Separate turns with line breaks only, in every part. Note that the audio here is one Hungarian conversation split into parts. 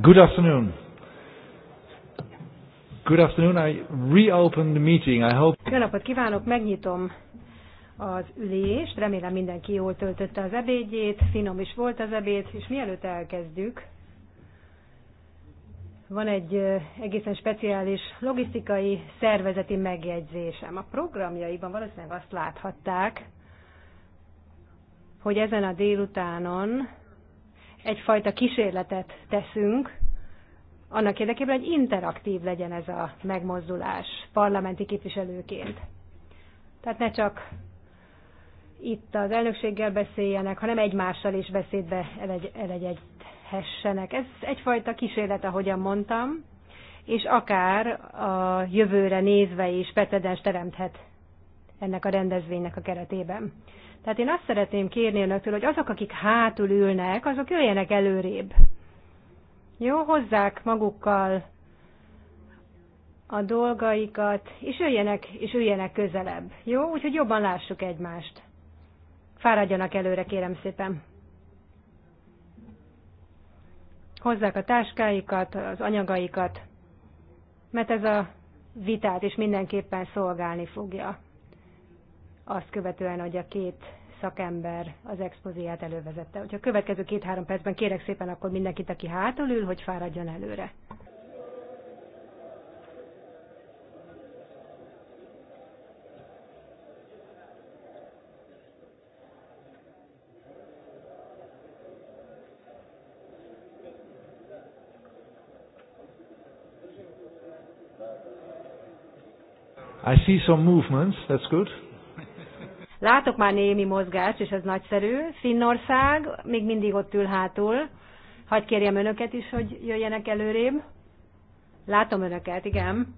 Good afternoon. Good afternoon. I reopen the meeting. I hope.
Jó napot kívánok, megnyitom az ülést. Remélem mindenki jól töltötte az ebédjét, finom is volt az ebéd, és mielőtt elkezdjük, van egy egészen speciális logisztikai szervezeti megjegyzésem. A programjaiban valószínűleg azt láthatták, hogy ezen a délutánon egyfajta kísérletet teszünk, annak érdekében, hogy interaktív legyen ez a megmozdulás parlamenti képviselőként. Tehát ne csak itt az elnökséggel beszéljenek, hanem egymással is beszédbe elegyedhessenek. Ez egyfajta kísérlet, ahogyan mondtam, és akár a jövőre nézve is precedens teremthet ennek a rendezvénynek a keretében. Tehát én azt szeretném kérni önöktől, hogy azok, akik hátul ülnek, azok jöjjenek előrébb. Jó, hozzák magukkal a dolgaikat, és jöjjenek, és üljenek közelebb. Jó, úgyhogy jobban lássuk egymást. Fáradjanak előre, kérem szépen. Hozzák a táskáikat, az anyagaikat, mert ez a vitát is mindenképpen szolgálni fogja azt követően, hogy a két szakember az expozíját elővezette. Hogyha a következő két-három percben kérek szépen akkor mindenkit, aki hátul ül, hogy fáradjon előre.
I see some movements, that's good.
Látok már némi mozgást, és ez nagyszerű. Finnország még mindig ott ül hátul. Hagy kérjem önöket is, hogy jöjjenek előrébb. Látom önöket, igen.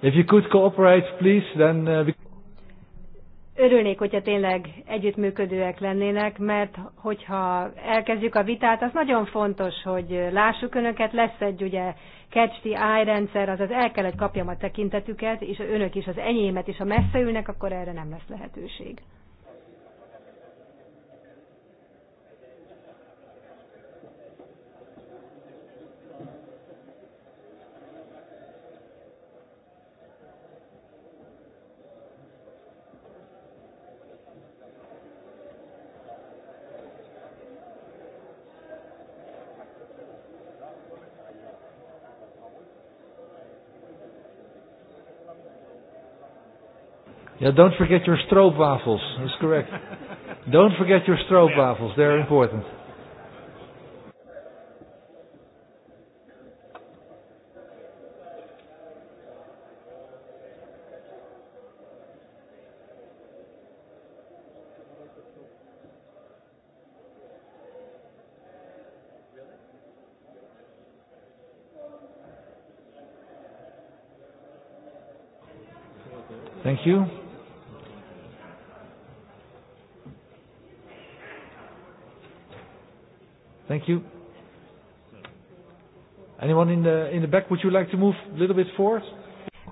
If you could cooperate, please, then... Uh
örülnék, hogyha tényleg együttműködőek lennének, mert hogyha elkezdjük a vitát, az nagyon fontos, hogy lássuk önöket, lesz egy ugye catch the eye rendszer, azaz el kell, hogy kapjam a tekintetüket, és önök is az enyémet, és ha messze ülnek, akkor erre nem lesz lehetőség.
Yeah, don't forget your stroopwafels. That's correct. don't forget your stroopwafels. They're important. you like to move a little bit forward?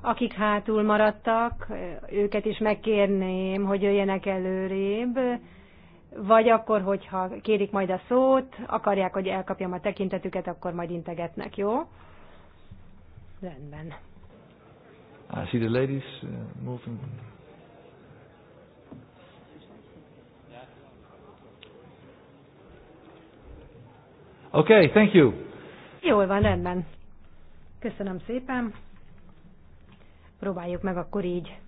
Akik hátul maradtak, őket is megkérném, hogy jöjjenek előrébb, vagy akkor, hogyha kérik majd a szót, akarják, hogy elkapjam a tekintetüket, akkor majd integetnek, jó? Rendben.
I see the ladies uh, moving. Okay, thank you.
Jól van, rendben. Köszönöm szépen. Próbáljuk meg akkor így.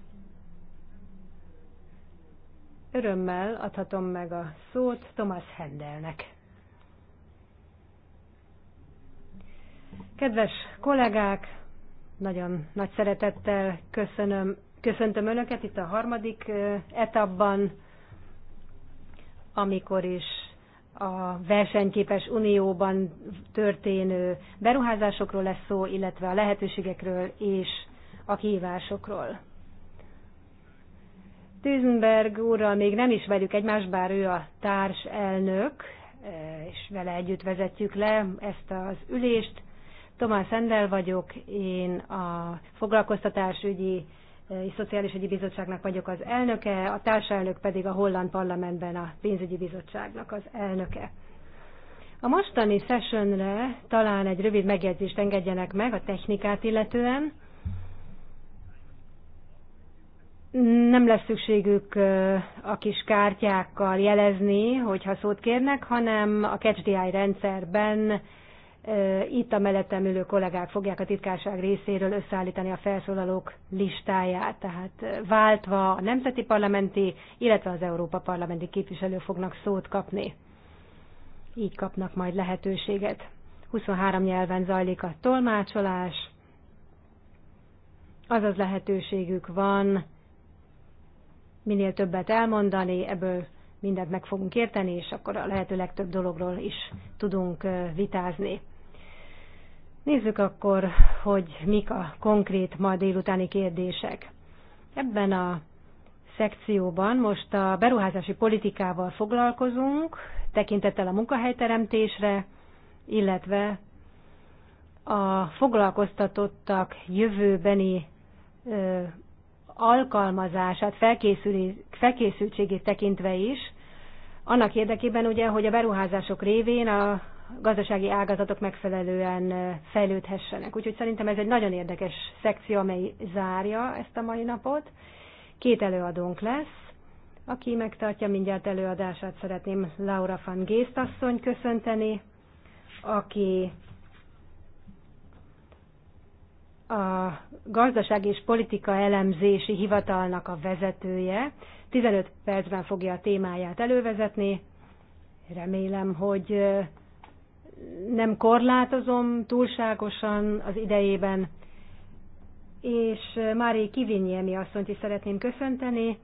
Örömmel adhatom meg a szót Thomas Hendelnek. Kedves kollégák, nagyon nagy szeretettel köszönöm, köszöntöm Önöket itt a harmadik eh, etapban, amikor is a versenyképes unióban történő beruházásokról lesz szó, illetve a lehetőségekről és a kihívásokról. Tüzenberg úrral még nem ismerjük egymást, bár ő a társ elnök, és vele együtt vezetjük le ezt az ülést. Tomás Endel vagyok, én a foglalkoztatásügyi és Szociális Ügyi Bizottságnak vagyok az elnöke, a társelnök pedig a Holland Parlamentben a pénzügyi bizottságnak az elnöke. A mostani sessionre talán egy rövid megjegyzést engedjenek meg a technikát illetően. Nem lesz szükségük a kis kártyákkal jelezni, hogyha szót kérnek, hanem a CatchDI rendszerben itt a mellettem ülő kollégák fogják a titkárság részéről összeállítani a felszólalók listáját, tehát váltva a nemzeti parlamenti, illetve az Európa parlamenti képviselők fognak szót kapni. Így kapnak majd lehetőséget. 23 nyelven zajlik a tolmácsolás, azaz lehetőségük van minél többet elmondani, ebből mindent meg fogunk érteni, és akkor a lehető legtöbb dologról is tudunk vitázni. Nézzük akkor, hogy mik a konkrét ma délutáni kérdések. Ebben a szekcióban most a beruházási politikával foglalkozunk, tekintettel a munkahelyteremtésre, illetve a foglalkoztatottak jövőbeni ö, alkalmazását, felkészültségét tekintve is, annak érdekében ugye, hogy a beruházások révén a gazdasági ágazatok megfelelően fejlődhessenek. Úgyhogy szerintem ez egy nagyon érdekes szekció, amely zárja ezt a mai napot. Két előadónk lesz. Aki megtartja mindjárt előadását, szeretném Laura van Gészt asszony köszönteni, aki a gazdaság és politika elemzési hivatalnak a vezetője. 15 percben fogja a témáját elővezetni. Remélem, hogy nem korlátozom túlságosan az idejében, és eh, Mári Kivinjemi asszonyt is szeretném köszönteni,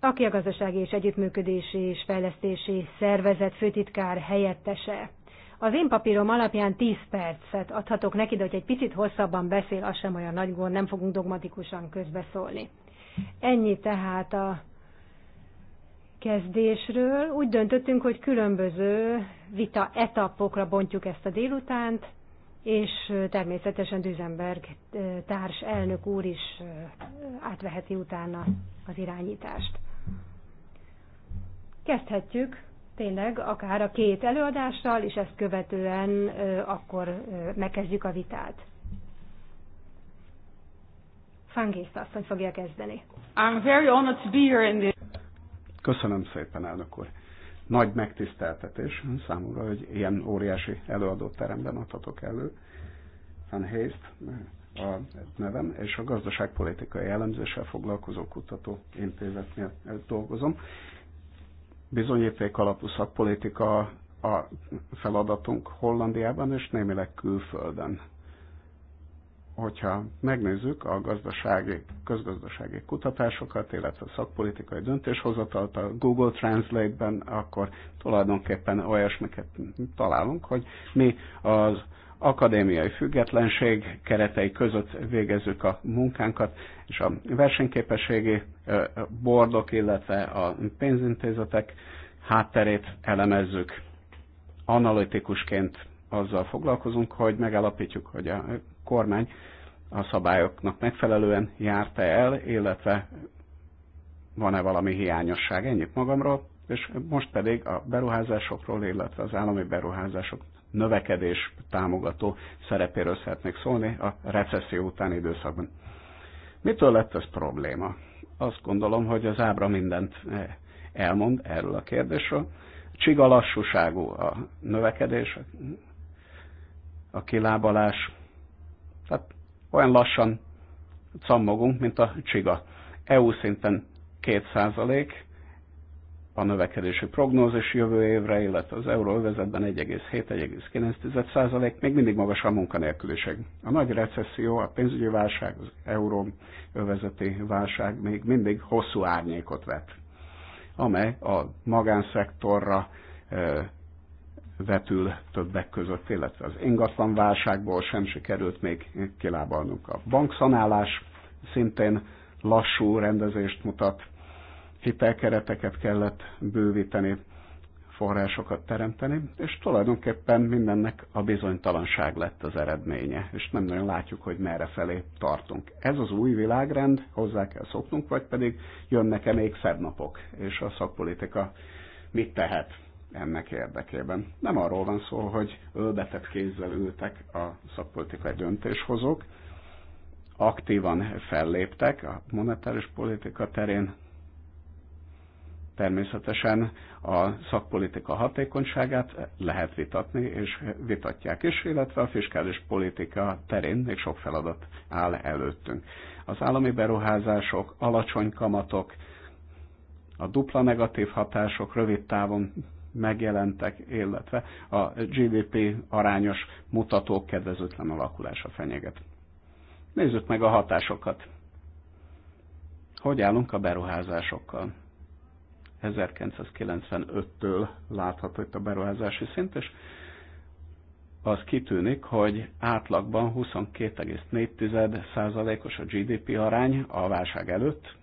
aki a Gazdasági és Együttműködési és Fejlesztési Szervezet főtitkár helyettese. Az én papírom alapján 10 percet adhatok neki, de hogy egy picit hosszabban beszél, az sem olyan nagy gond, nem fogunk dogmatikusan közbeszólni. Ennyi tehát a kezdésről. Úgy döntöttünk, hogy különböző vita etapokra bontjuk ezt a délutánt, és természetesen Düzenberg társ elnök úr is átveheti utána az irányítást. Kezdhetjük tényleg akár a két előadással, és ezt követően akkor megkezdjük a vitát. Fangész asszony fogja kezdeni.
I'm very honored to be here in this Köszönöm szépen, elnök úr. Nagy megtiszteltetés számomra, hogy ilyen óriási előadóteremben adhatok elő. Van Heist a nevem, és a gazdaságpolitikai jellemzéssel foglalkozó kutató intézetnél dolgozom. Bizonyíték alapú szakpolitika a feladatunk Hollandiában és némileg külföldön hogyha megnézzük a gazdasági, közgazdasági kutatásokat, illetve a szakpolitikai döntéshozatalt a Google Translate-ben, akkor tulajdonképpen olyasmiket találunk, hogy mi az akadémiai függetlenség keretei között végezzük a munkánkat, és a versenyképességi bordok, illetve a pénzintézetek hátterét elemezzük. Analitikusként azzal foglalkozunk, hogy megállapítjuk, hogy a kormány a szabályoknak megfelelően járta el, illetve van-e valami hiányosság. Ennyit magamról, és most pedig a beruházásokról, illetve az állami beruházások növekedés támogató szerepéről szeretnék szólni a recesszió utáni időszakban. Mitől lett ez probléma? Azt gondolom, hogy az ábra mindent eh, elmond erről a kérdésről. Csiga lassúságú a növekedés, a kilábalás, tehát olyan lassan cammogunk, mint a csiga. EU szinten 2% a növekedési prognózis jövő évre, illetve az euróövezetben 1,7-1,9%, még mindig magas a munkanélküliség. A nagy recesszió, a pénzügyi válság, az euróövezeti válság még mindig hosszú árnyékot vet, amely a magánszektorra vetül többek között, illetve az válságból sem sikerült még kilábalnunk. A bankszanálás szintén lassú rendezést mutat, hitelkereteket kellett bővíteni, forrásokat teremteni, és tulajdonképpen mindennek a bizonytalanság lett az eredménye, és nem nagyon látjuk, hogy merre felé tartunk. Ez az új világrend, hozzá kell szoknunk, vagy pedig jönnek-e még szebb napok, és a szakpolitika mit tehet ennek érdekében. Nem arról van szó, hogy ölbetett kézzel ültek a szakpolitikai döntéshozók, aktívan felléptek a monetáris politika terén, természetesen a szakpolitika hatékonyságát lehet vitatni, és vitatják is, illetve a fiskális politika terén még sok feladat áll előttünk. Az állami beruházások, alacsony kamatok, a dupla negatív hatások rövid távon megjelentek, illetve a GDP arányos mutatók kedvezőtlen alakulása fenyeget. Nézzük meg a hatásokat. Hogy állunk a beruházásokkal? 1995-től látható itt a beruházási szint, és az kitűnik, hogy átlagban 22,4%-os a GDP arány a válság előtt,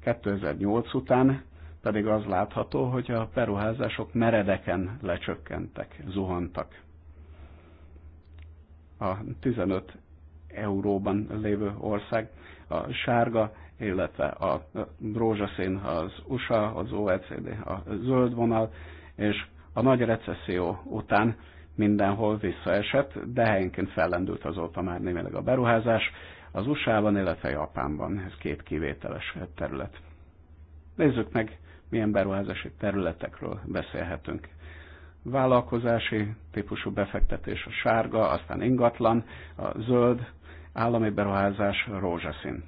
2008 után pedig az látható, hogy a beruházások meredeken lecsökkentek, zuhantak. A 15 euróban lévő ország, a sárga, illetve a rózsaszín, az USA, az OECD, a zöld vonal, és a nagy recesszió után mindenhol visszaesett, de helyenként fellendült azóta már némileg a beruházás, az USA-ban, illetve Japánban, ez két kivételes terület. Nézzük meg milyen beruházási területekről beszélhetünk. Vállalkozási típusú befektetés a sárga, aztán ingatlan, a zöld, állami beruházás rózsaszín.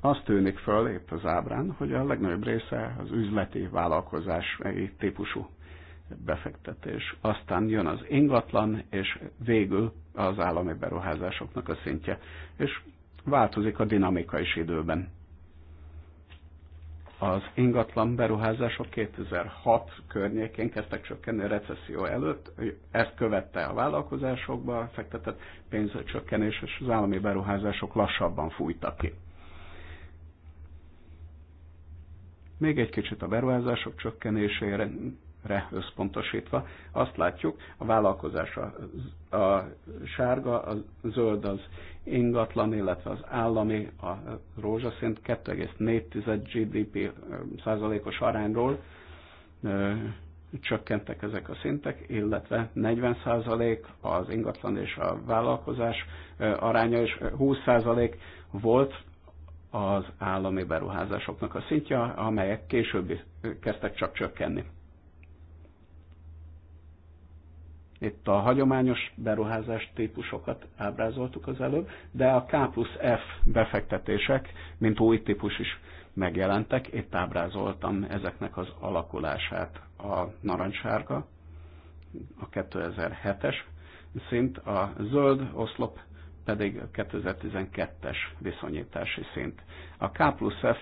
Azt tűnik föl épp az ábrán, hogy a legnagyobb része az üzleti vállalkozás típusú befektetés. Aztán jön az ingatlan, és végül az állami beruházásoknak a szintje. És változik a dinamika is időben az ingatlan beruházások 2006 környékén kezdtek csökkenni a recesszió előtt, ezt követte a vállalkozásokba fektetett pénzcsökkenés, és az állami beruházások lassabban fújtak ki. Még egy kicsit a beruházások csökkenésére re összpontosítva, azt látjuk, a vállalkozás a, a sárga, a zöld az ingatlan, illetve az állami, a rózsaszint 2,4 GDP százalékos arányról ö, csökkentek ezek a szintek, illetve 40 százalék az ingatlan és a vállalkozás aránya, és 20 százalék volt az állami beruházásoknak a szintje, amelyek később kezdtek csak csökkenni Itt a hagyományos beruházás típusokat ábrázoltuk az előbb, de a K plusz F befektetések, mint új típus is megjelentek. Itt ábrázoltam ezeknek az alakulását. A narancsárga a 2007-es szint, a zöld oszlop pedig a 2012-es viszonyítási szint. A K plusz F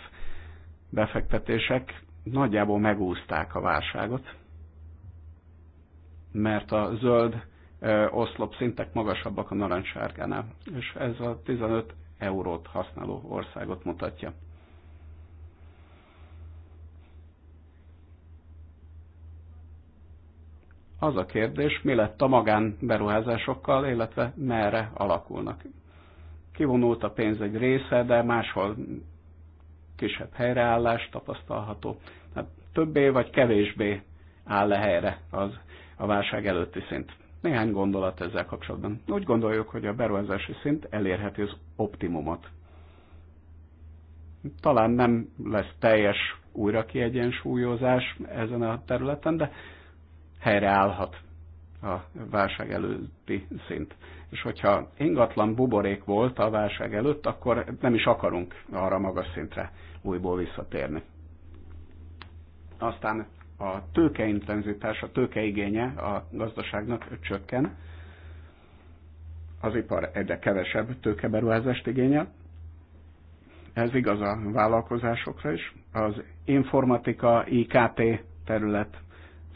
befektetések nagyjából megúzták a válságot, mert a zöld oszlop szintek magasabbak a narancssárgánál, és ez a 15 eurót használó országot mutatja. Az a kérdés, mi lett a magán beruházásokkal, illetve merre alakulnak. Kivonult a pénz egy része, de máshol kisebb helyreállás tapasztalható. Hát többé vagy kevésbé áll le helyre az a válság előtti szint. Néhány gondolat ezzel kapcsolatban. Úgy gondoljuk, hogy a beruházási szint elérheti az optimumot. Talán nem lesz teljes kiegyensúlyozás ezen a területen, de helyreállhat a válság előtti szint. És hogyha ingatlan buborék volt a válság előtt, akkor nem is akarunk arra magas szintre újból visszatérni. Aztán a tőkeintenzitás, a tőkeigénye a gazdaságnak csökken, az ipar egyre kevesebb tőkeberuházást igényel. Ez igaz a vállalkozásokra is. Az informatika, IKT terület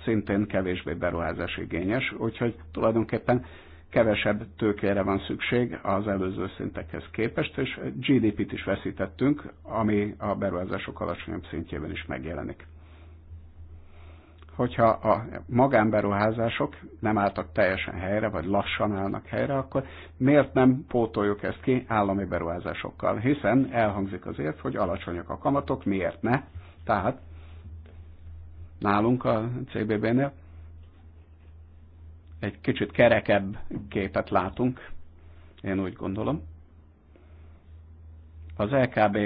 szintén kevésbé beruházás igényes, úgyhogy tulajdonképpen kevesebb tőkére van szükség az előző szintekhez képest, és GDP-t is veszítettünk, ami a beruházások alacsonyabb szintjében is megjelenik hogyha a magánberuházások nem álltak teljesen helyre, vagy lassan állnak helyre, akkor miért nem pótoljuk ezt ki állami beruházásokkal? Hiszen elhangzik azért, hogy alacsonyak a kamatok, miért ne? Tehát nálunk a CBB-nél egy kicsit kerekebb képet látunk, én úgy gondolom. Az LKB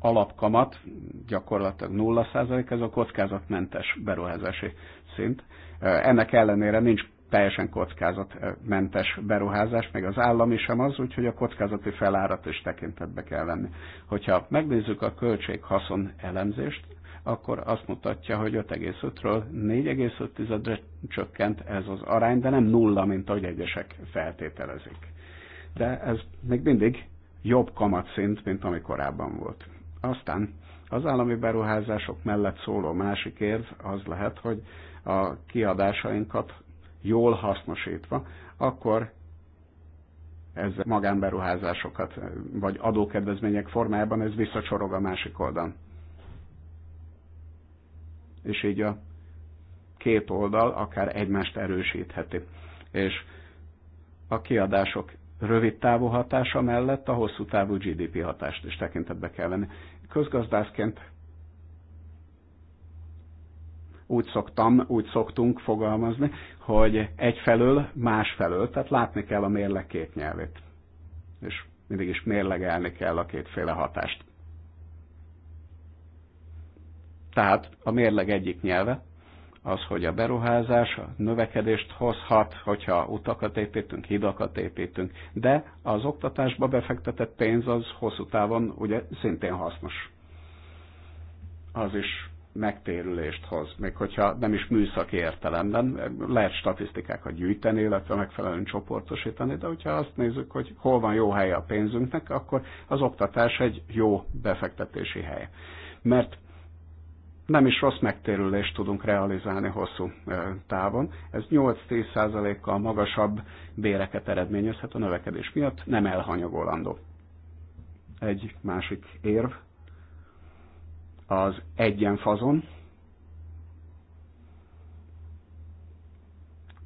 alapkamat gyakorlatilag 0% ez a kockázatmentes beruházási szint. Ennek ellenére nincs teljesen kockázatmentes beruházás, meg az állami sem az, úgyhogy a kockázati felárat is tekintetbe kell venni. Hogyha megnézzük a költség-haszon elemzést, akkor azt mutatja, hogy 5,5-ről 4,5-re csökkent ez az arány, de nem nulla, mint ahogy egyesek feltételezik. De ez még mindig jobb kamatszint, mint ami korábban volt. Aztán az állami beruházások mellett szóló másik érv az lehet, hogy a kiadásainkat jól hasznosítva, akkor ez magánberuházásokat, vagy adókedvezmények formájában ez visszacsorog a másik oldalon. És így a két oldal akár egymást erősítheti. És a kiadások rövid távú hatása mellett a hosszú távú GDP hatást is tekintetbe kell venni. Közgazdászként úgy szoktam, úgy szoktunk fogalmazni, hogy egyfelől, másfelől, tehát látni kell a mérleg két nyelvét. És mindig is mérlegelni kell a kétféle hatást. Tehát a mérleg egyik nyelve az, hogy a beruházás a növekedést hozhat, hogyha utakat építünk, hidakat építünk, de az oktatásba befektetett pénz az hosszú távon ugye szintén hasznos. Az is megtérülést hoz, még hogyha nem is műszaki értelemben, lehet statisztikákat gyűjteni, illetve megfelelően csoportosítani, de hogyha azt nézzük, hogy hol van jó helye a pénzünknek, akkor az oktatás egy jó befektetési hely. Mert nem is rossz megtérülést tudunk realizálni hosszú távon. Ez 8-10%-kal magasabb béreket eredményezhet a növekedés miatt, nem elhanyagolandó. Egy másik érv az egyenfazon.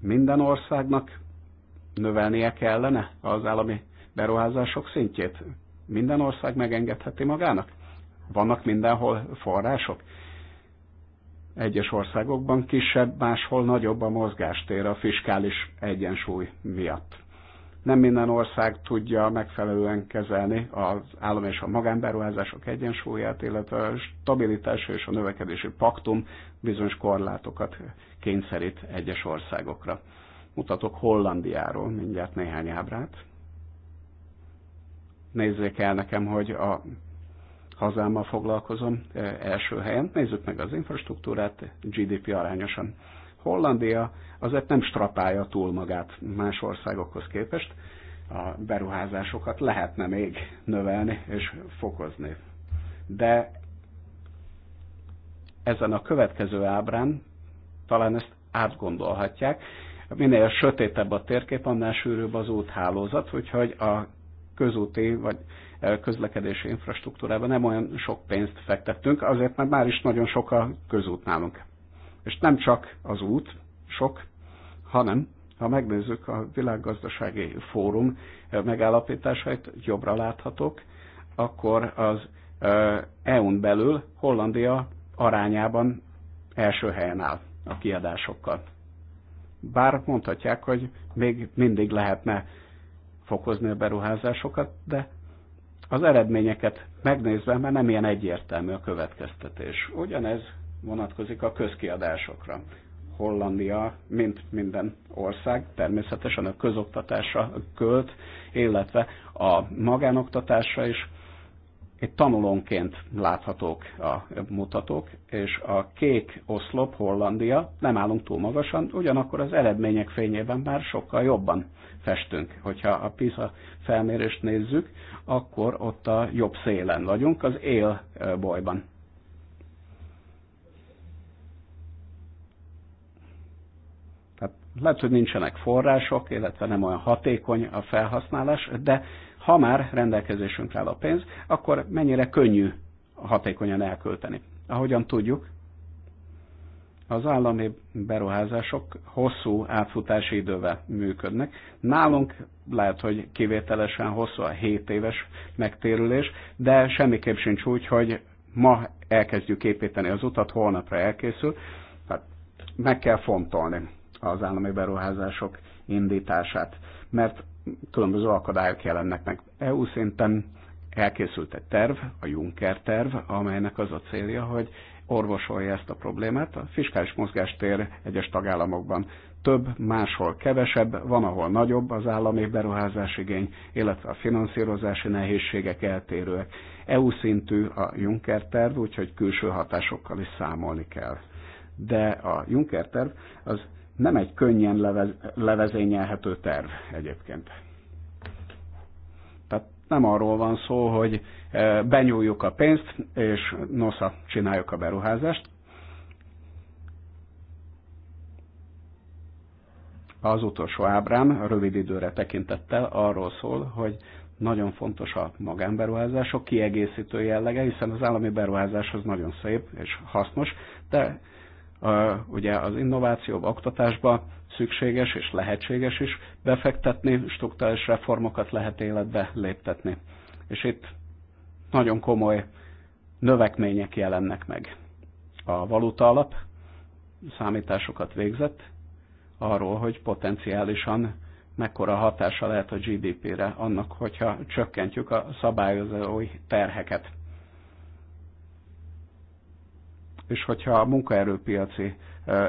Minden országnak növelnie kellene az állami beruházások szintjét. Minden ország megengedheti magának? Vannak mindenhol források? Egyes országokban kisebb, máshol nagyobb a mozgástér a fiskális egyensúly miatt. Nem minden ország tudja megfelelően kezelni az állam és a magánberuházások egyensúlyát, illetve a stabilitás és a növekedési paktum bizonyos korlátokat kényszerít egyes országokra. Mutatok Hollandiáról mindjárt néhány ábrát nézzék el nekem, hogy a hazámmal foglalkozom első helyen. Nézzük meg az infrastruktúrát GDP arányosan. Hollandia azért nem strapálja túl magát más országokhoz képest, a beruházásokat lehetne még növelni és fokozni. De ezen a következő ábrán talán ezt átgondolhatják. Minél sötétebb a térkép, annál sűrűbb az úthálózat, úgyhogy a közúti vagy közlekedési infrastruktúrába nem olyan sok pénzt fektettünk, azért mert már is nagyon sok a közút nálunk. És nem csak az út sok, hanem ha megnézzük a világgazdasági fórum eh, megállapításait, jobbra láthatok, akkor az EU-n eh, e belül Hollandia arányában első helyen áll a kiadásokkal. Bár mondhatják, hogy még mindig lehetne fokozni a beruházásokat, de az eredményeket megnézve mert nem ilyen egyértelmű a következtetés. Ugyanez vonatkozik a közkiadásokra. Hollandia, mint minden ország, természetesen a közoktatásra költ, illetve a magánoktatásra is itt tanulónként láthatók a mutatók, és a kék oszlop Hollandia, nem állunk túl magasan, ugyanakkor az eredmények fényében már sokkal jobban festünk. Hogyha a PISA felmérést nézzük, akkor ott a jobb szélen vagyunk, az él bolyban. Tehát lehet, hogy nincsenek források, illetve nem olyan hatékony a felhasználás, de ha már rendelkezésünkre áll a pénz, akkor mennyire könnyű hatékonyan elkölteni. Ahogyan tudjuk, az állami beruházások hosszú átfutási idővel működnek. Nálunk lehet, hogy kivételesen hosszú a 7 éves megtérülés, de semmiképp sincs úgy, hogy ma elkezdjük építeni az utat, holnapra elkészül. hát meg kell fontolni az állami beruházások indítását, mert különböző akadályok jelennek meg. EU szinten elkészült egy terv, a Juncker terv, amelynek az a célja, hogy orvosolja ezt a problémát. A fiskális mozgástér egyes tagállamokban több, máshol kevesebb, van, ahol nagyobb az állami beruházásigény, illetve a finanszírozási nehézségek eltérőek. EU szintű a Juncker terv, úgyhogy külső hatásokkal is számolni kell. De a Juncker terv az nem egy könnyen levez, levezényelhető terv egyébként. Tehát nem arról van szó, hogy e, benyúljuk a pénzt, és nosza csináljuk a beruházást. Az utolsó ábrám rövid időre tekintettel arról szól, hogy nagyon fontos a magánberuházások kiegészítő jellege, hiszen az állami beruházáshoz nagyon szép és hasznos, de ugye az innovációba, oktatásba szükséges és lehetséges is befektetni, struktúrális reformokat lehet életbe léptetni. És itt nagyon komoly növekmények jelennek meg. A valuta alap számításokat végzett arról, hogy potenciálisan mekkora hatása lehet a GDP-re annak, hogyha csökkentjük a szabályozói terheket és hogyha a munkaerőpiaci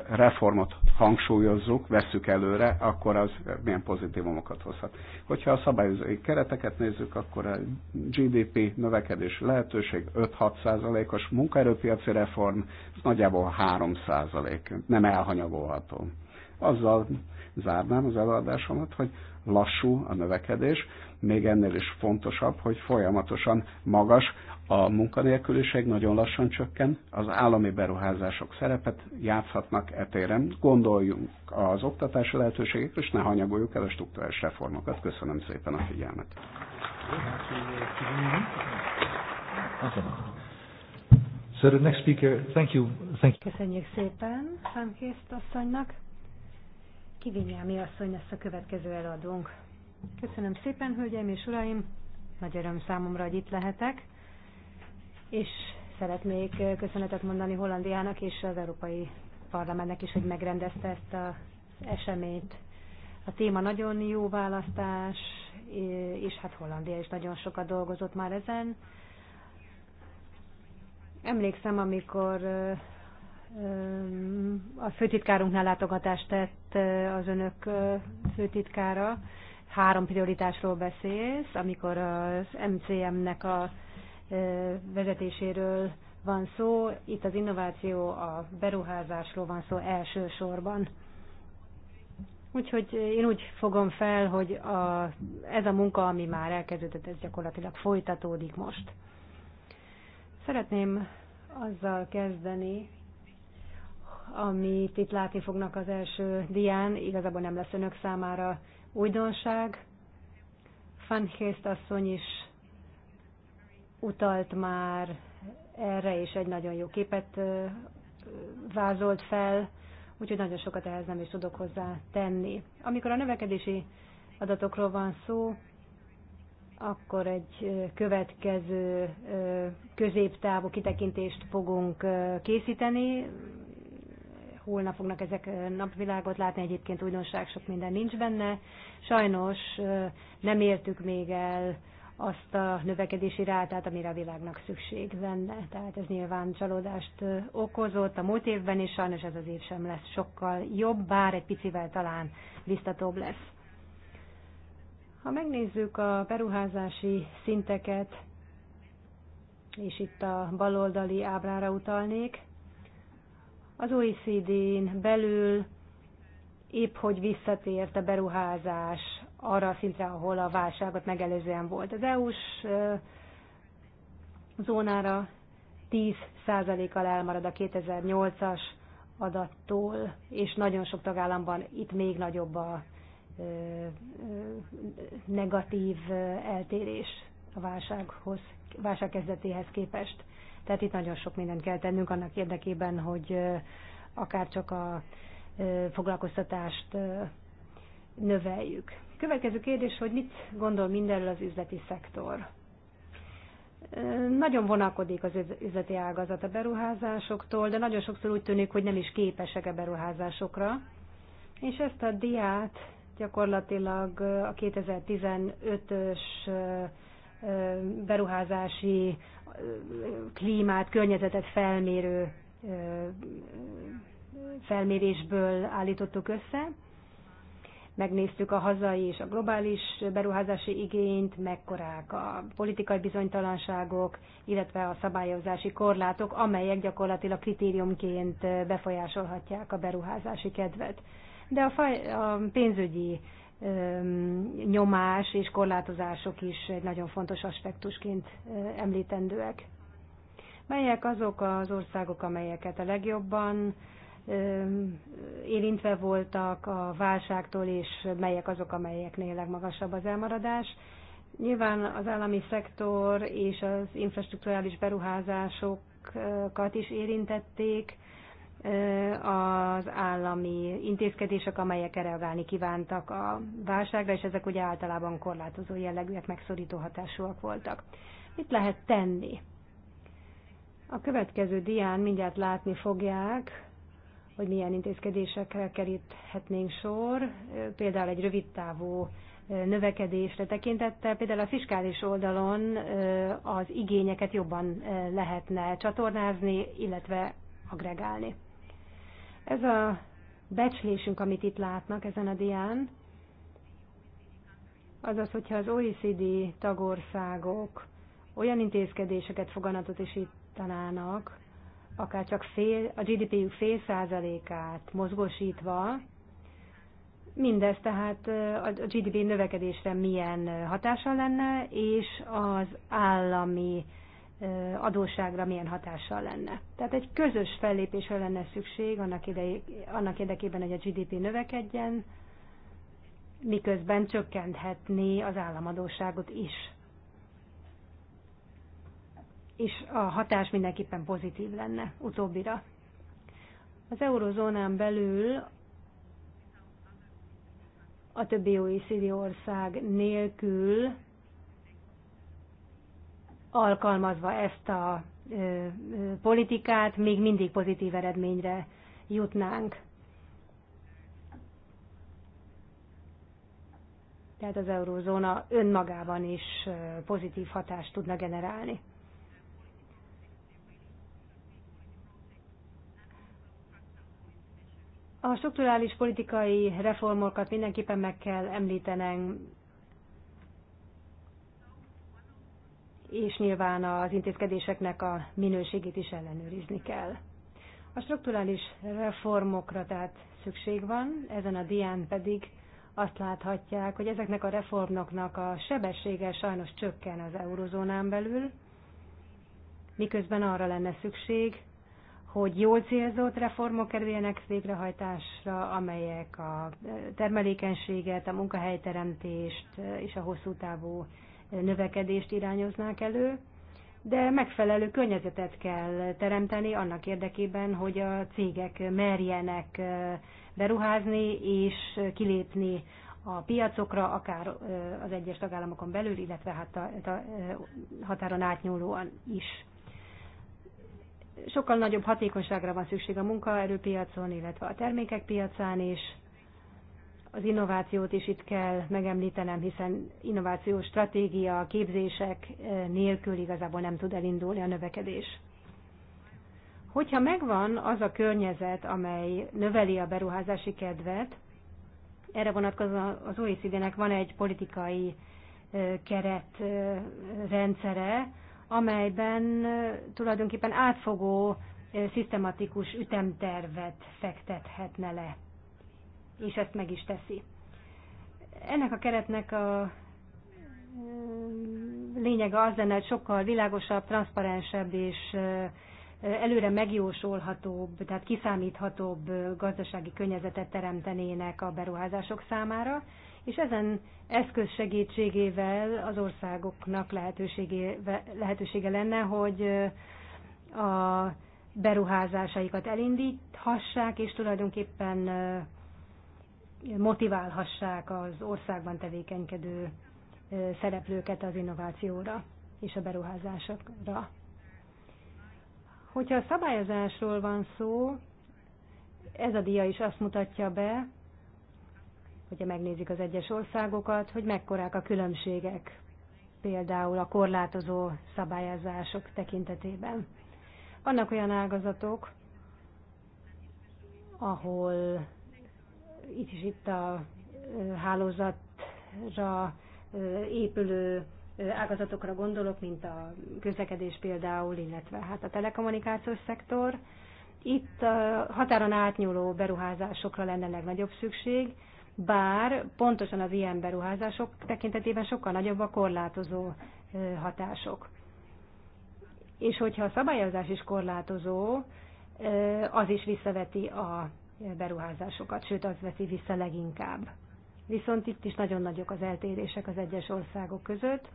reformot hangsúlyozzuk, vesszük előre, akkor az milyen pozitívumokat hozhat. Hogyha a szabályozói kereteket nézzük, akkor a GDP növekedés lehetőség 5-6%-os munkaerőpiaci reform, ez nagyjából 3%, nem elhanyagolható. Azzal zárnám az előadásomat, hogy lassú a növekedés, még ennél is fontosabb, hogy folyamatosan magas a munkanélküliség nagyon lassan csökken, az állami beruházások szerepet játszhatnak e téren. Gondoljunk az oktatási lehetőségekre, és ne hanyagoljuk el a struktúrás reformokat. Köszönöm szépen a figyelmet.
So the next speaker, thank you. Thank
you. Köszönjük szépen Fámkészt asszonynak. Kivinyámi asszony lesz a következő előadónk. Köszönöm szépen, hölgyeim és uraim! Nagy öröm számomra, hogy itt lehetek és szeretnék köszönetet mondani Hollandiának és az Európai Parlamentnek is, hogy megrendezte ezt az eseményt. A téma nagyon jó választás, és hát Hollandia is nagyon sokat dolgozott már ezen. Emlékszem, amikor a főtitkárunknál látogatást tett az önök főtitkára, három prioritásról beszélsz, amikor az MCM-nek a vezetéséről van szó, itt az innováció, a beruházásról van szó elsősorban. Úgyhogy én úgy fogom fel, hogy a, ez a munka, ami már elkezdődött, ez gyakorlatilag folytatódik most. Szeretném azzal kezdeni, amit itt látni fognak az első dián, igazából nem lesz önök számára újdonság. Fanhészt asszony is utalt már erre, és egy nagyon jó képet vázolt fel, úgyhogy nagyon sokat ehhez nem is tudok hozzá tenni. Amikor a növekedési adatokról van szó, akkor egy következő középtávú kitekintést fogunk készíteni. Holnap fognak ezek napvilágot látni, egyébként újdonság sok minden nincs benne. Sajnos nem értük még el azt a növekedési rátát, amire a világnak szükség lenne. Tehát ez nyilván csalódást okozott a múlt évben, és sajnos ez az év sem lesz sokkal jobb, bár egy picivel talán biztatóbb lesz. Ha megnézzük a beruházási szinteket, és itt a baloldali ábrára utalnék, az OECD-n belül épp hogy visszatért a beruházás arra a szintre, ahol a válságot megelőzően volt. Az EU-s zónára 10%-kal elmarad a 2008-as adattól, és nagyon sok tagállamban itt még nagyobb a negatív eltérés a válsághoz, válság kezdetéhez képest. Tehát itt nagyon sok mindent kell tennünk annak érdekében, hogy akár csak a foglalkoztatást növeljük. Következő kérdés, hogy mit gondol mindenről az üzleti szektor? Nagyon vonakodik az üzleti ágazat a beruházásoktól, de nagyon sokszor úgy tűnik, hogy nem is képesek a beruházásokra. És ezt a diát gyakorlatilag a 2015-ös beruházási klímát, környezetet felmérő felmérésből állítottuk össze, megnéztük a hazai és a globális beruházási igényt, mekkorák a politikai bizonytalanságok, illetve a szabályozási korlátok, amelyek gyakorlatilag kritériumként befolyásolhatják a beruházási kedvet. De a, faj, a pénzügyi nyomás és korlátozások is egy nagyon fontos aspektusként említendőek. Melyek azok az országok, amelyeket a legjobban érintve voltak a válságtól, és melyek azok, amelyeknél legmagasabb az elmaradás. Nyilván az állami szektor és az infrastruktúrális beruházásokat is érintették az állami intézkedések, amelyek reagálni kívántak a válságra, és ezek ugye általában korlátozó jellegűek, megszorító hatásúak voltak. Mit lehet tenni? A következő dián mindjárt látni fogják, hogy milyen intézkedésekre keríthetnénk sor, például egy rövidtávú növekedésre tekintettel, például a fiskális oldalon az igényeket jobban lehetne csatornázni, illetve agregálni. Ez a becslésünk, amit itt látnak ezen a dián, azaz, hogyha az OECD tagországok olyan intézkedéseket foganatot is itt tanának, akár csak fél, a GDP-jük fél százalékát mozgosítva, mindez tehát a GDP növekedésre milyen hatása lenne, és az állami adósságra milyen hatással lenne. Tehát egy közös fellépésre lenne szükség annak, ide, annak érdekében, hogy a GDP növekedjen, miközben csökkenthetné az államadóságot is és a hatás mindenképpen pozitív lenne utóbbira. Az eurozónán belül a többi OECD ország nélkül alkalmazva ezt a ö, ö, politikát még mindig pozitív eredményre jutnánk. Tehát az eurózóna önmagában is pozitív hatást tudna generálni. A strukturális politikai reformokat mindenképpen meg kell említenem, és nyilván az intézkedéseknek a minőségét is ellenőrizni kell. A strukturális reformokra tehát szükség van, ezen a dián pedig azt láthatják, hogy ezeknek a reformoknak a sebessége sajnos csökken az eurozónán belül, miközben arra lenne szükség, hogy jól célzott reformok kerüljenek végrehajtásra, amelyek a termelékenységet, a munkahelyteremtést és a hosszú távú növekedést irányoznák elő, de megfelelő környezetet kell teremteni annak érdekében, hogy a cégek merjenek beruházni és kilépni a piacokra, akár az egyes tagállamokon belül, illetve hát a, a határon átnyúlóan is sokkal nagyobb hatékonyságra van szükség a munkaerőpiacon, illetve a termékek piacán is. Az innovációt is itt kell megemlítenem, hiszen innovációs stratégia, képzések eh, nélkül igazából nem tud elindulni a növekedés. Hogyha megvan az a környezet, amely növeli a beruházási kedvet, erre vonatkozóan az OECD-nek van egy politikai eh, keretrendszere, amelyben tulajdonképpen átfogó, szisztematikus ütemtervet fektethetne le. És ezt meg is teszi. Ennek a keretnek a lényege az lenne, hogy sokkal világosabb, transzparensebb és előre megjósolhatóbb, tehát kiszámíthatóbb gazdasági környezetet teremtenének a beruházások számára, és ezen eszköz segítségével az országoknak lehetősége, lehetősége lenne, hogy a beruházásaikat elindíthassák, és tulajdonképpen motiválhassák az országban tevékenykedő szereplőket az innovációra és a beruházásokra. Hogyha a szabályozásról van szó, ez a dia is azt mutatja be, hogyha megnézik az egyes országokat, hogy mekkorák a különbségek, például a korlátozó szabályozások tekintetében. Vannak olyan ágazatok, ahol itt is itt a hálózatra épülő ágazatokra gondolok, mint a közlekedés például, illetve hát a telekommunikációs szektor. Itt a határon átnyúló beruházásokra lenne legnagyobb szükség, bár pontosan az ilyen beruházások tekintetében sokkal nagyobb a korlátozó hatások. És hogyha a szabályozás is korlátozó, az is visszaveti a beruházásokat, sőt, az veszi vissza leginkább. Viszont itt is nagyon nagyok az eltérések az egyes országok között,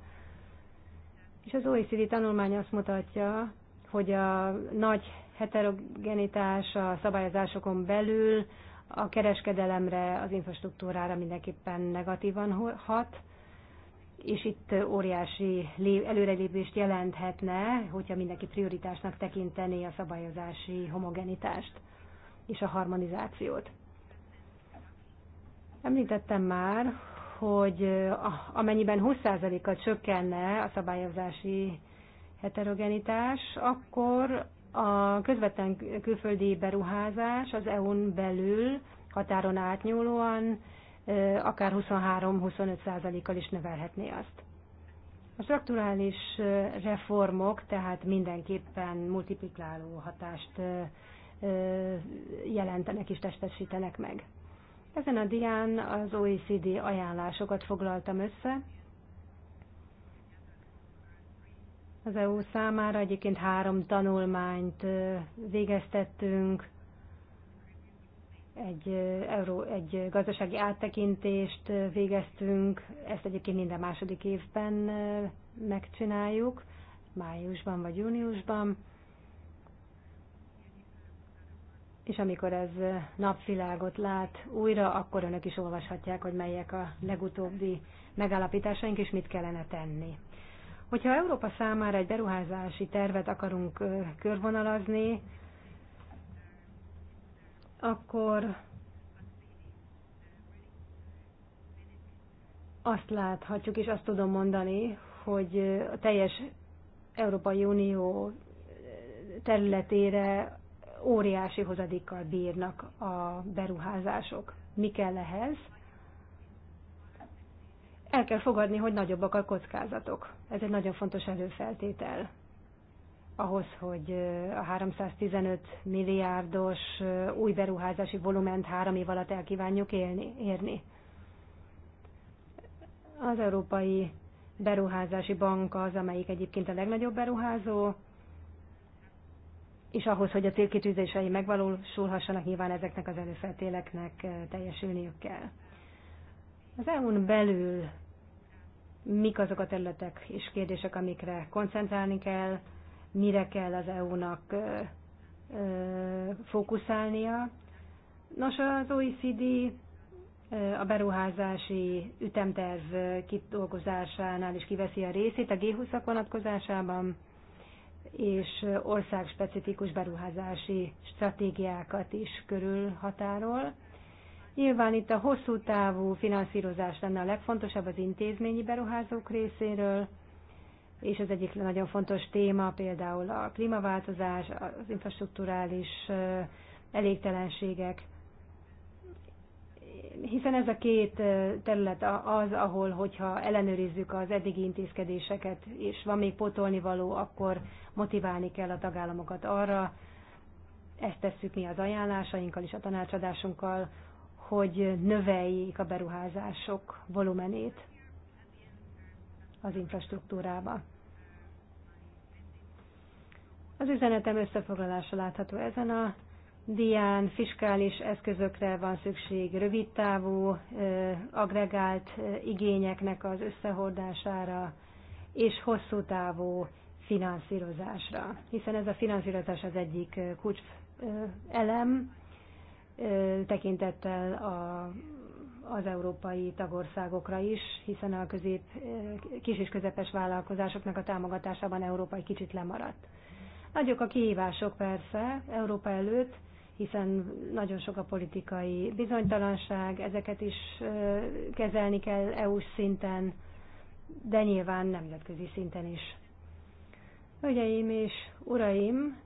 és az OECD tanulmány azt mutatja, hogy a nagy heterogenitás a szabályozásokon belül a kereskedelemre, az infrastruktúrára mindenképpen negatívan hat, és itt óriási előrelépést jelenthetne, hogyha mindenki prioritásnak tekintené a szabályozási homogenitást és a harmonizációt. Említettem már, hogy amennyiben 20%-kal csökkenne a szabályozási heterogenitás, akkor a közvetlen külföldi beruházás az EU-n belül határon átnyúlóan akár 23-25 kal is növelhetné azt. A strukturális reformok tehát mindenképpen multiplikáló hatást jelentenek és testesítenek meg. Ezen a dián az OECD ajánlásokat foglaltam össze, az EU számára. Egyébként három tanulmányt végeztettünk, egy, euró, egy gazdasági áttekintést végeztünk, ezt egyébként minden második évben megcsináljuk, májusban vagy júniusban. És amikor ez napvilágot lát újra, akkor önök is olvashatják, hogy melyek a legutóbbi megállapításaink, és mit kellene tenni. Hogyha Európa számára egy beruházási tervet akarunk körvonalazni, akkor azt láthatjuk, és azt tudom mondani, hogy a teljes Európai Unió területére óriási hozadékkal bírnak a beruházások. Mi kell ehhez? el kell fogadni, hogy nagyobbak a kockázatok. Ez egy nagyon fontos előfeltétel ahhoz, hogy a 315 milliárdos új beruházási volument három év alatt el kívánjuk élni, érni. Az Európai Beruházási Bank az, amelyik egyébként a legnagyobb beruházó, és ahhoz, hogy a célkitűzései megvalósulhassanak, nyilván ezeknek az előfeltéleknek teljesülniük kell. Az EU-n belül mik azok a területek és kérdések, amikre koncentrálni kell, mire kell az EU-nak fókuszálnia. Nos, az OECD a beruházási ütemterv kidolgozásánál is kiveszi a részét a g 20 vonatkozásában, és országspecifikus beruházási stratégiákat is körülhatárol. Nyilván itt a hosszú távú finanszírozás lenne a legfontosabb az intézményi beruházók részéről, és az egyik nagyon fontos téma például a klímaváltozás, az infrastruktúrális elégtelenségek, hiszen ez a két terület az, ahol, hogyha ellenőrizzük az eddigi intézkedéseket, és van még potolni való, akkor motiválni kell a tagállamokat arra, ezt tesszük mi az ajánlásainkkal és a tanácsadásunkkal, hogy növeljék a beruházások volumenét az infrastruktúrába. Az üzenetem összefoglalása látható ezen a dián. Fiskális eszközökre van szükség rövidtávú agregált igényeknek az összehordására és hosszú távú finanszírozásra, hiszen ez a finanszírozás az egyik kulcs elem tekintettel a, az európai tagországokra is, hiszen a közép, kis és közepes vállalkozásoknak a támogatásában Európa egy kicsit lemaradt. Nagyok a kihívások persze Európa előtt, hiszen nagyon sok a politikai bizonytalanság, ezeket is kezelni kell EU-s szinten, de nyilván nemzetközi szinten is. Hölgyeim és uraim,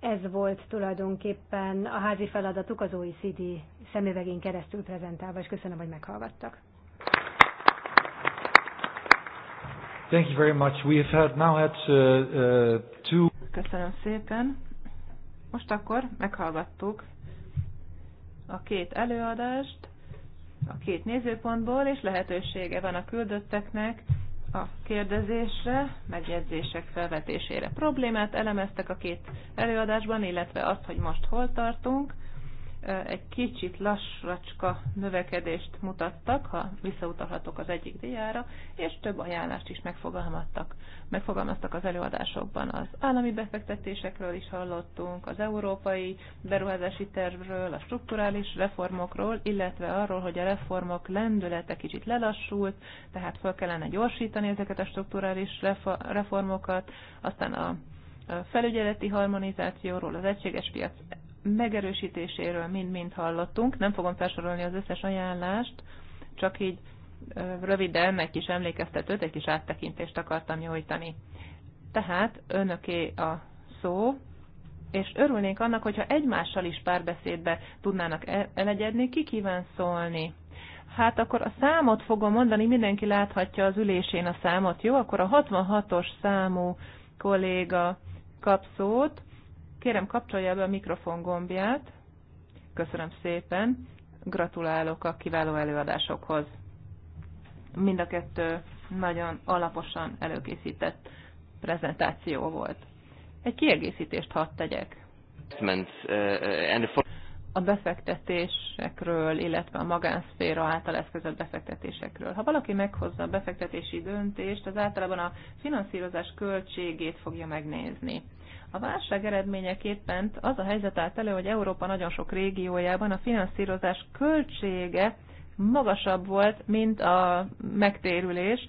ez volt tulajdonképpen a házi feladatuk az OECD szemüvegén keresztül prezentálva, és köszönöm, hogy meghallgattak.
Thank you very much. We have had now had uh, uh, two. Köszönöm szépen. Most akkor
meghallgattuk a két előadást a két nézőpontból, és lehetősége van a küldötteknek a kérdezésre, megjegyzések felvetésére. Problémát elemeztek a két előadásban, illetve azt, hogy most hol tartunk egy kicsit lassacska növekedést mutattak, ha visszautalhatok az egyik diára, és több ajánlást is megfogalmaztak. Megfogalmaztak az előadásokban az állami befektetésekről is hallottunk, az európai beruházási tervről, a strukturális reformokról, illetve arról, hogy a reformok lendülete kicsit lelassult, tehát fel kellene gyorsítani ezeket a strukturális reformokat, aztán a felügyeleti harmonizációról, az egységes piac megerősítéséről mind-mind hallottunk. Nem fogom felsorolni az összes ajánlást, csak így röviden egy kis emlékeztetőt, egy kis áttekintést akartam nyújtani. Tehát önöké a szó, és örülnénk annak, hogyha egymással is párbeszédbe tudnának e- elegyedni, ki kíván szólni. Hát akkor a számot fogom mondani, mindenki láthatja az ülésén a számot, jó? Akkor a 66-os számú kolléga kap szót, Kérem, kapcsolja be a mikrofon gombját. Köszönöm szépen. Gratulálok a kiváló előadásokhoz. Mind a kettő nagyon alaposan előkészített prezentáció volt. Egy kiegészítést hadd tegyek.
Uh,
a befektetésekről, illetve a magánszféra által eszközött befektetésekről. Ha valaki meghozza a befektetési döntést, az általában a finanszírozás költségét fogja megnézni. A válság eredményeképpen az a helyzet állt elő, hogy Európa nagyon sok régiójában a finanszírozás költsége magasabb volt, mint a megtérülés.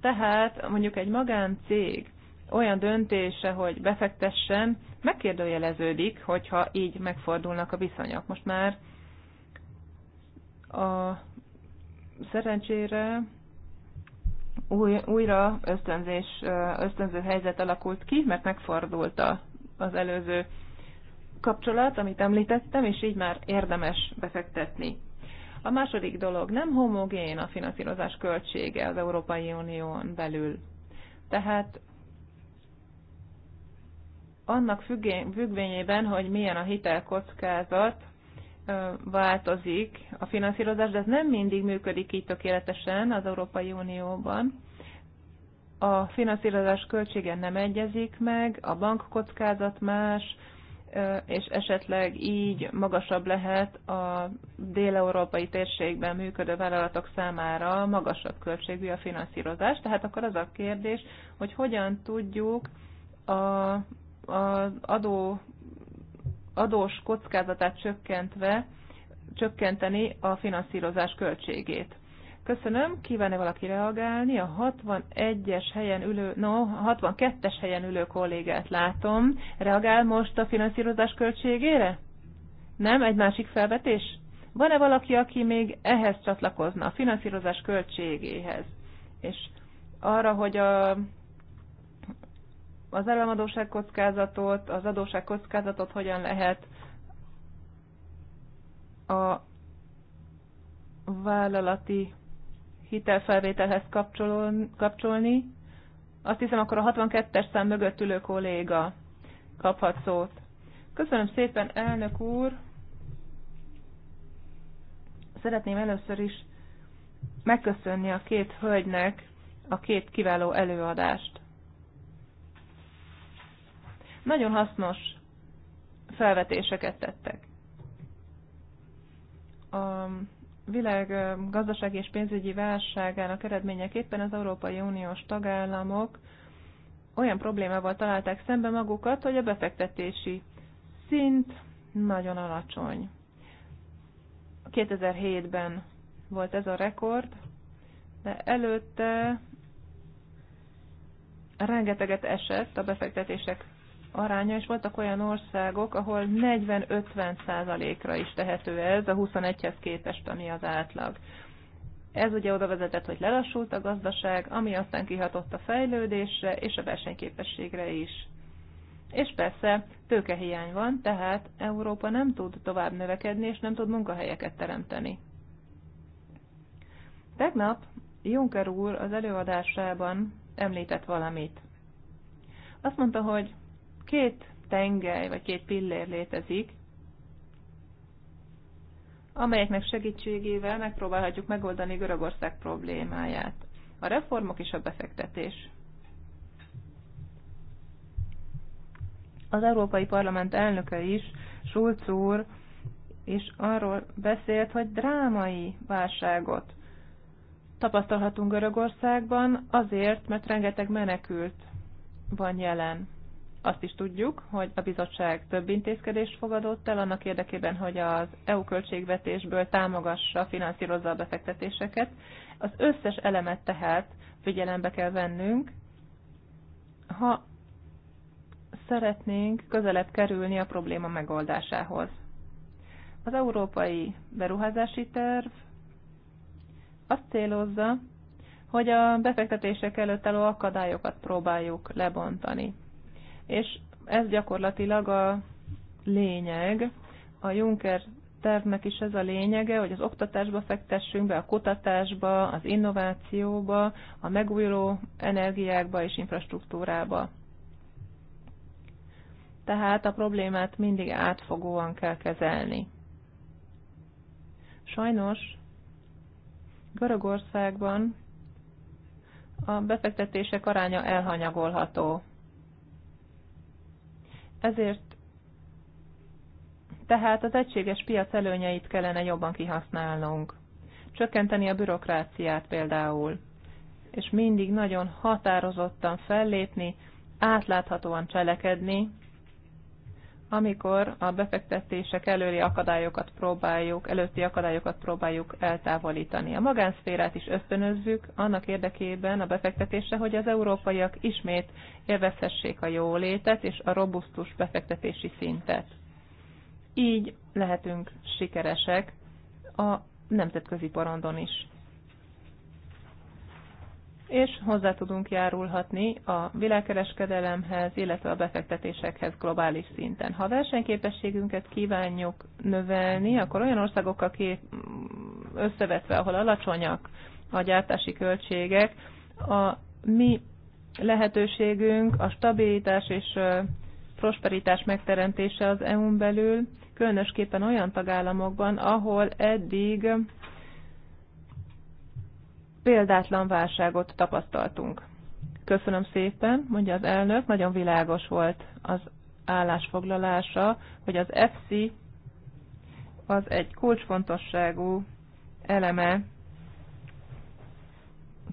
Tehát mondjuk egy magáncég olyan döntése, hogy befektessen, megkérdőjeleződik, hogyha így megfordulnak a viszonyok. Most már a szerencsére új, újra ösztönzés, ösztönző helyzet alakult ki, mert megfordult a, az előző kapcsolat, amit említettem, és így már érdemes befektetni. A második dolog, nem homogén a finanszírozás költsége az Európai Unión belül. Tehát annak függvényében, hogy milyen a hitelkockázat, változik a finanszírozás, de ez nem mindig működik így tökéletesen az Európai Unióban. A finanszírozás költsége nem egyezik meg, a bankkockázat más, és esetleg így magasabb lehet a dél-európai térségben működő vállalatok számára magasabb költségű a finanszírozás. Tehát akkor az a kérdés, hogy hogyan tudjuk az adó adós kockázatát csökkentve, csökkenteni a finanszírozás költségét. Köszönöm, kívánne valaki reagálni? A 61-es helyen ülő, no, 62-es helyen ülő kollégát látom. Reagál most a finanszírozás költségére? Nem? Egy másik felvetés? Van-e valaki, aki még ehhez csatlakozna, a finanszírozás költségéhez? És arra, hogy a az államadóság kockázatot, az adóság kockázatot hogyan lehet a vállalati hitelfelvételhez kapcsolni. Azt hiszem, akkor a 62-es szám mögött ülő kolléga kaphat szót. Köszönöm szépen, elnök úr! Szeretném először is megköszönni a két hölgynek a két kiváló előadást. Nagyon hasznos felvetéseket tettek. A világ gazdasági és pénzügyi válságának eredményeképpen az Európai Uniós tagállamok olyan problémával találták szembe magukat, hogy a befektetési szint nagyon alacsony. 2007-ben volt ez a rekord, de előtte rengeteget esett a befektetések aránya, és voltak olyan országok, ahol 40-50 százalékra is tehető ez a 21-hez képest, ami az átlag. Ez ugye oda vezetett, hogy lelassult a gazdaság, ami aztán kihatott a fejlődésre és a versenyképességre is. És persze tőkehiány van, tehát Európa nem tud tovább növekedni, és nem tud munkahelyeket teremteni. Tegnap Juncker úr az előadásában említett valamit. Azt mondta, hogy Két tengely, vagy két pillér létezik, amelyeknek segítségével megpróbálhatjuk megoldani Görögország problémáját. A reformok és a befektetés. Az Európai Parlament elnöke is, Schulz úr, és arról beszélt, hogy drámai válságot tapasztalhatunk Görögországban azért, mert rengeteg menekült van jelen. Azt is tudjuk, hogy a bizottság több intézkedést fogadott el annak érdekében, hogy az EU költségvetésből támogassa, finanszírozza a befektetéseket. Az összes elemet tehát figyelembe kell vennünk, ha szeretnénk közelebb kerülni a probléma megoldásához. Az európai beruházási terv azt célozza, hogy a befektetések előtt álló akadályokat próbáljuk lebontani és ez gyakorlatilag a lényeg. A Juncker tervnek is ez a lényege, hogy az oktatásba fektessünk be, a kutatásba, az innovációba, a megújuló energiákba és infrastruktúrába. Tehát a problémát mindig átfogóan kell kezelni. Sajnos Görögországban a befektetések aránya elhanyagolható. Ezért tehát az egységes piac előnyeit kellene jobban kihasználnunk. Csökkenteni a bürokráciát például, és mindig nagyon határozottan fellépni, átláthatóan cselekedni, amikor a befektetések előli akadályokat próbáljuk, előtti akadályokat próbáljuk eltávolítani. A magánszférát is ösztönözzük annak érdekében a befektetése, hogy az európaiak ismét élvezhessék a jólétet és a robusztus befektetési szintet. Így lehetünk sikeresek a nemzetközi porondon is és hozzá tudunk járulhatni a világkereskedelemhez, illetve a befektetésekhez globális szinten. Ha a versenyképességünket kívánjuk növelni, akkor olyan országokkal kép összevetve, ahol alacsonyak a gyártási költségek, a mi lehetőségünk a stabilitás és prosperitás megteremtése az EU-n belül, különösképpen olyan tagállamokban, ahol eddig példátlan válságot tapasztaltunk. Köszönöm szépen, mondja az elnök, nagyon világos volt az állásfoglalása, hogy az FC az egy kulcsfontosságú eleme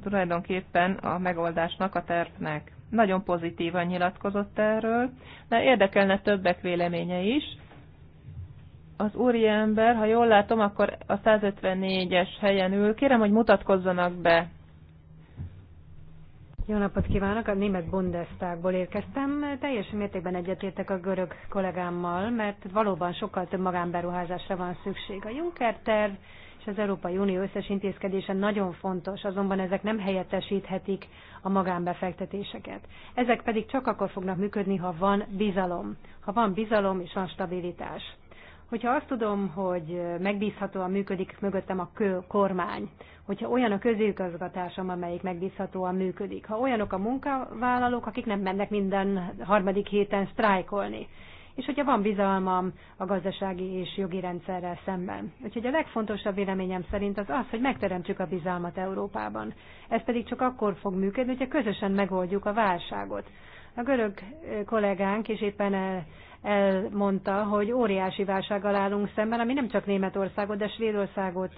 tulajdonképpen a megoldásnak, a tervnek. Nagyon pozitívan nyilatkozott erről, de érdekelne többek véleménye is, az úriember, ha jól látom, akkor a 154-es helyen ül. Kérem, hogy mutatkozzanak be.
Jó napot kívánok! A német Bundestagból érkeztem. Teljes mértékben egyetértek a görög kollégámmal, mert valóban sokkal több magánberuházásra van szükség. A Juncker terv és az Európai Unió összes intézkedése nagyon fontos, azonban ezek nem helyettesíthetik a magánbefektetéseket. Ezek pedig csak akkor fognak működni, ha van bizalom. Ha van bizalom és van stabilitás. Hogyha azt tudom, hogy megbízhatóan működik mögöttem a kormány, hogyha olyan a közigazgatásom, amelyik megbízhatóan működik, ha olyanok a munkavállalók, akik nem mennek minden harmadik héten sztrájkolni, és hogyha van bizalmam a gazdasági és jogi rendszerrel szemben. Úgyhogy a legfontosabb véleményem szerint az az, hogy megteremtsük a bizalmat Európában. Ez pedig csak akkor fog működni, hogyha közösen megoldjuk a válságot. A görög kollégánk is éppen elmondta, hogy óriási válsággal állunk szemben, ami nem csak Németországot, de Svédországot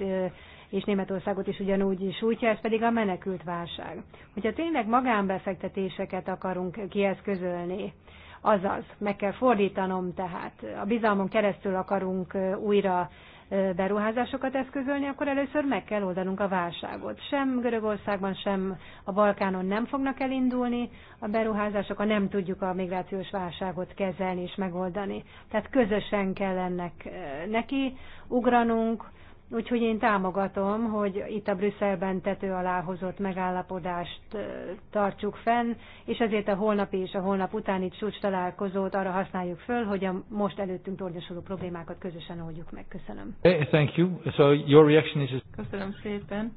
és Németországot is ugyanúgy sújtja, ez pedig a menekült válság. Hogyha tényleg magánbefektetéseket akarunk kieszközölni, azaz, meg kell fordítanom, tehát a bizalmon keresztül akarunk újra beruházásokat eszközölni, akkor először meg kell oldanunk a válságot. Sem Görögországban, sem a Balkánon nem fognak elindulni a beruházások, ha nem tudjuk a migrációs válságot kezelni és megoldani. Tehát közösen kell ennek eh, neki ugranunk, Úgyhogy én támogatom, hogy itt a Brüsszelben tető alá hozott megállapodást tartsuk fenn, és ezért a holnapi és a holnap utáni csúcs találkozót arra használjuk föl, hogy a most előttünk tornyosuló problémákat közösen oldjuk meg. Köszönöm.
Eh,
thank you. So your reaction is...
Köszönöm szépen.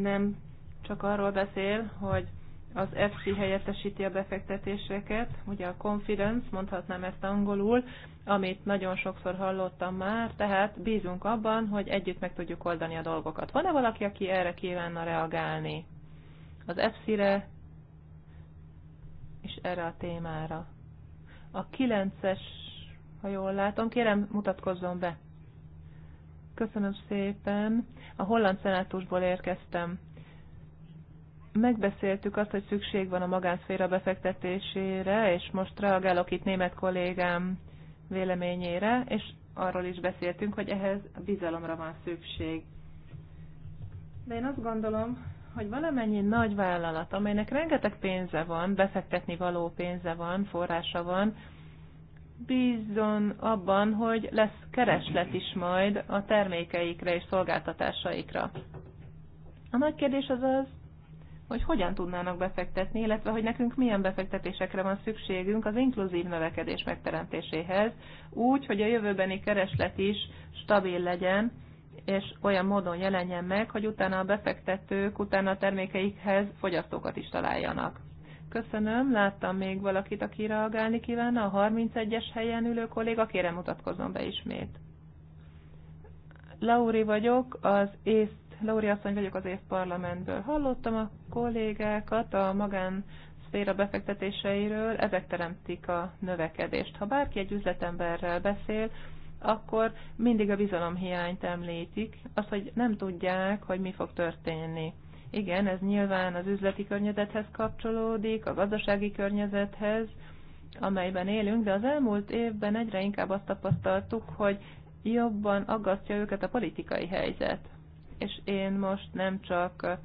Nem csak arról beszél, hogy az FC helyettesíti a befektetéseket, ugye a confidence, mondhatnám ezt angolul, amit nagyon sokszor hallottam már, tehát bízunk abban, hogy együtt meg tudjuk oldani a dolgokat. Van-e valaki, aki erre kívánna reagálni? Az FC-re és erre a témára. A 9-es, ha jól látom, kérem mutatkozzon be. Köszönöm szépen. A holland szenátusból érkeztem megbeszéltük azt, hogy szükség van a magánszféra befektetésére, és most reagálok itt német kollégám véleményére, és arról is beszéltünk, hogy ehhez bizalomra van szükség. De én azt gondolom, hogy valamennyi nagy vállalat, amelynek rengeteg pénze van, befektetni való pénze van, forrása van, bízzon abban, hogy lesz kereslet is majd a termékeikre és szolgáltatásaikra. A nagy kérdés az az, hogy hogyan tudnának befektetni, illetve hogy nekünk milyen befektetésekre van szükségünk az inkluzív növekedés megteremtéséhez, úgy, hogy a jövőbeni kereslet is stabil legyen, és olyan módon jelenjen meg, hogy utána a befektetők, utána a termékeikhez fogyasztókat is találjanak. Köszönöm, láttam még valakit, aki reagálni kívánna, a 31-es helyen ülő kolléga, kérem mutatkozom be ismét. Lauri vagyok, az ész Lauri asszony vagyok az év parlamentből. Hallottam a kollégákat a magán szféra befektetéseiről, ezek teremtik a növekedést. Ha bárki egy üzletemberrel beszél, akkor mindig a bizalomhiányt említik, Az, hogy nem tudják, hogy mi fog történni. Igen, ez nyilván az üzleti környezethez kapcsolódik, a gazdasági környezethez, amelyben élünk, de az elmúlt évben egyre inkább azt tapasztaltuk, hogy jobban aggasztja őket a politikai helyzet és én most nem csak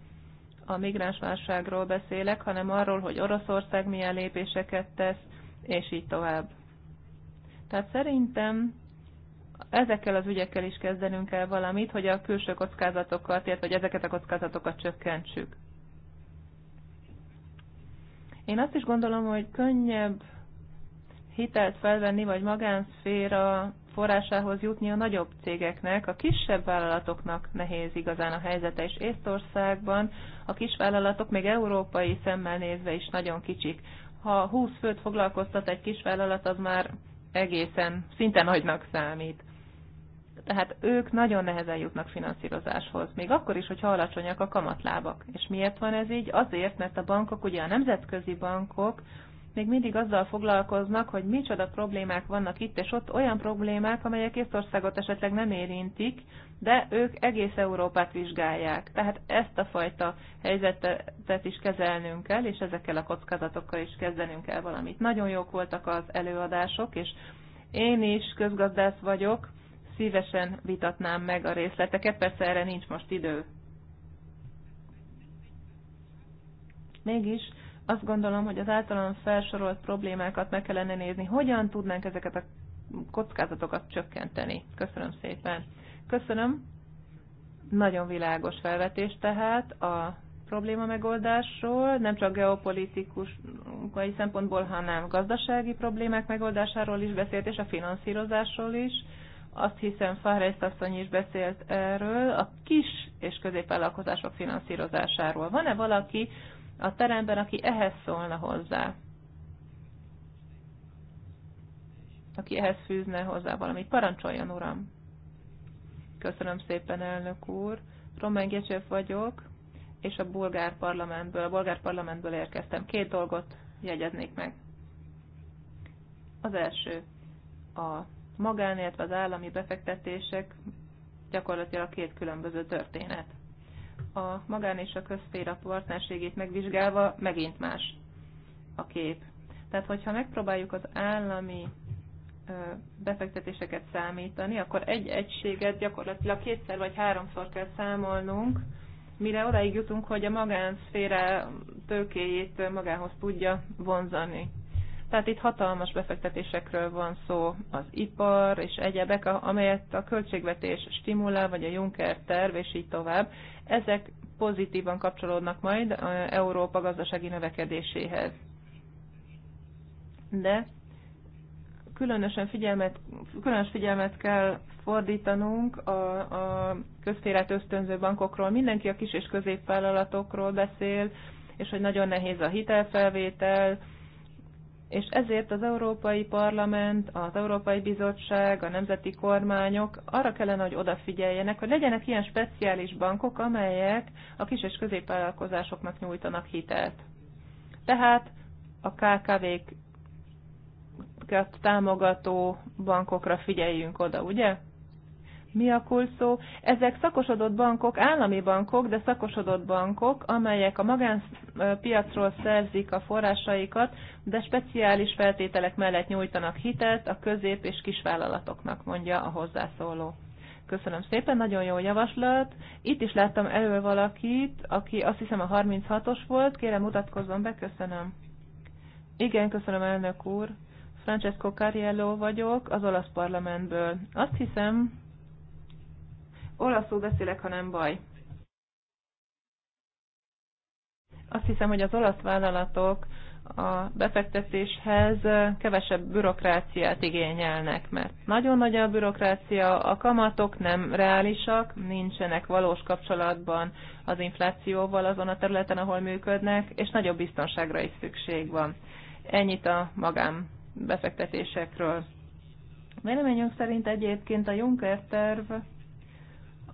a migránsválságról beszélek, hanem arról, hogy Oroszország milyen lépéseket tesz, és így tovább. Tehát szerintem ezekkel az ügyekkel is kezdenünk el valamit, hogy a külső kockázatokat, illetve hogy ezeket a kockázatokat csökkentsük. Én azt is gondolom, hogy könnyebb hitelt felvenni, vagy magánszféra forrásához jutni a nagyobb cégeknek, a kisebb vállalatoknak nehéz igazán a helyzete, és Észtországban a kisvállalatok még európai szemmel nézve is nagyon kicsik. Ha 20 főt foglalkoztat egy kisvállalat, az már egészen szinte nagynak számít. Tehát ők nagyon nehezen jutnak finanszírozáshoz, még akkor is, hogy alacsonyak a kamatlábak. És miért van ez így? Azért, mert a bankok, ugye a nemzetközi bankok még mindig azzal foglalkoznak, hogy micsoda problémák vannak itt és ott, olyan problémák, amelyek Észtországot esetleg nem érintik, de ők egész Európát vizsgálják. Tehát ezt a fajta helyzetet is kezelnünk kell, és ezekkel a kockázatokkal is kezdenünk kell valamit. Nagyon jók voltak az előadások, és én is közgazdász vagyok, szívesen vitatnám meg a részleteket, persze erre nincs most idő. Mégis azt gondolom, hogy az általán felsorolt problémákat meg kellene nézni, hogyan tudnánk ezeket a kockázatokat csökkenteni. Köszönöm szépen. Köszönöm. Nagyon világos felvetés tehát a probléma megoldásról, nem csak geopolitikus szempontból, hanem gazdasági problémák megoldásáról is beszélt, és a finanszírozásról is. Azt hiszem, Fáhrejszt asszony is beszélt erről, a kis és középvállalkozások finanszírozásáról. Van-e valaki, a teremben, aki ehhez szólna hozzá. Aki ehhez fűzne hozzá valamit. Parancsoljon, Uram! Köszönöm szépen, elnök úr! Roman Gecsev vagyok, és a bulgár parlamentből, a bulgár parlamentből érkeztem. Két dolgot jegyeznék meg. Az első, a magán, illetve az állami befektetések gyakorlatilag két különböző történet a magán és a közszféra partnerségét megvizsgálva megint más a kép. Tehát, hogyha megpróbáljuk az állami befektetéseket számítani, akkor egy egységet gyakorlatilag kétszer vagy háromszor kell számolnunk, mire odaig jutunk, hogy a magánszféra tőkéjét magához tudja vonzani. Tehát itt hatalmas befektetésekről van szó az ipar és egyebek, amelyet a költségvetés stimulál, vagy a Juncker terv, és így tovább. Ezek pozitívan kapcsolódnak majd Európa gazdasági növekedéséhez. De különösen figyelmet, különös figyelmet kell fordítanunk a, a közféret ösztönző bankokról. Mindenki a kis és középvállalatokról beszél, és hogy nagyon nehéz a hitelfelvétel, és ezért az Európai Parlament, az Európai Bizottság, a nemzeti kormányok arra kellene, hogy odafigyeljenek, hogy legyenek ilyen speciális bankok, amelyek a kis és középvállalkozásoknak nyújtanak hitelt. Tehát a KKV-kat támogató bankokra figyeljünk oda, ugye? mi a kulszó. Ezek szakosodott bankok, állami bankok, de szakosodott bankok, amelyek a magánpiacról szerzik a forrásaikat, de speciális feltételek mellett nyújtanak hitelt a közép- és kisvállalatoknak, mondja a hozzászóló. Köszönöm szépen, nagyon jó javaslat. Itt is láttam elő valakit, aki azt hiszem a 36-os volt. Kérem, mutatkozzon be, köszönöm. Igen, köszönöm, elnök úr. Francesco Cariello vagyok, az olasz parlamentből. Azt hiszem, Olaszul beszélek, ha nem baj. Azt hiszem, hogy az olasz vállalatok a befektetéshez kevesebb bürokráciát igényelnek, mert nagyon nagy a bürokrácia, a kamatok nem reálisak, nincsenek valós kapcsolatban az inflációval azon a területen, ahol működnek, és nagyobb biztonságra is szükség van. Ennyit a magám befektetésekről. Véleményünk szerint egyébként a Juncker terv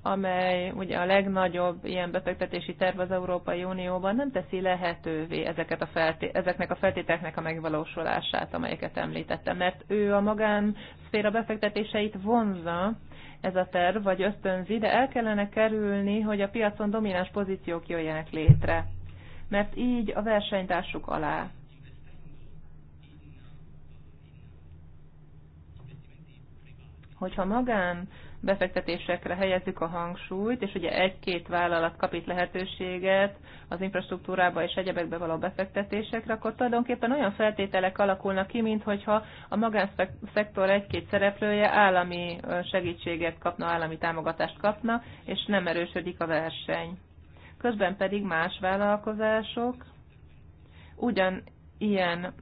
amely ugye a legnagyobb ilyen befektetési terv az Európai Unióban nem teszi lehetővé ezeket a felté- ezeknek a feltételeknek a megvalósulását, amelyeket említettem, mert ő a magán szféra befektetéseit vonzza ez a terv, vagy ösztönzi, de el kellene kerülni, hogy a piacon domináns pozíciók jöjjenek létre, mert így a versenytársuk alá hogyha magán befektetésekre helyezzük a hangsúlyt, és ugye egy-két vállalat kap itt lehetőséget az infrastruktúrába és egyebekbe való befektetésekre, akkor tulajdonképpen olyan feltételek alakulnak ki, minthogyha a magánszektor egy-két szereplője állami segítséget kapna, állami támogatást kapna, és nem erősödik a verseny. Közben pedig más vállalkozások ugyan ilyen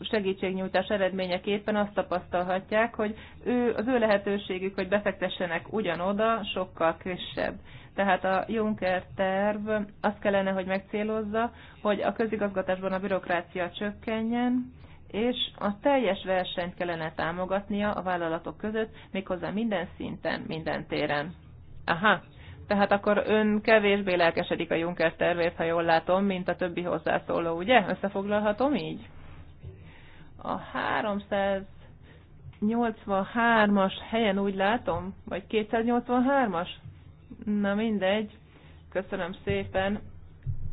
segítségnyújtás eredményeképpen azt tapasztalhatják, hogy ő, az ő lehetőségük, hogy befektessenek ugyanoda, sokkal kisebb. Tehát a Juncker terv azt kellene, hogy megcélozza, hogy a közigazgatásban a bürokrácia csökkenjen, és a teljes versenyt kellene támogatnia a vállalatok között, méghozzá minden szinten, minden téren. Aha, tehát akkor ön kevésbé lelkesedik a Juncker tervét, ha jól látom, mint a többi hozzászóló, ugye? Összefoglalhatom így? a 383-as helyen úgy látom, vagy 283-as? Na mindegy, köszönöm szépen,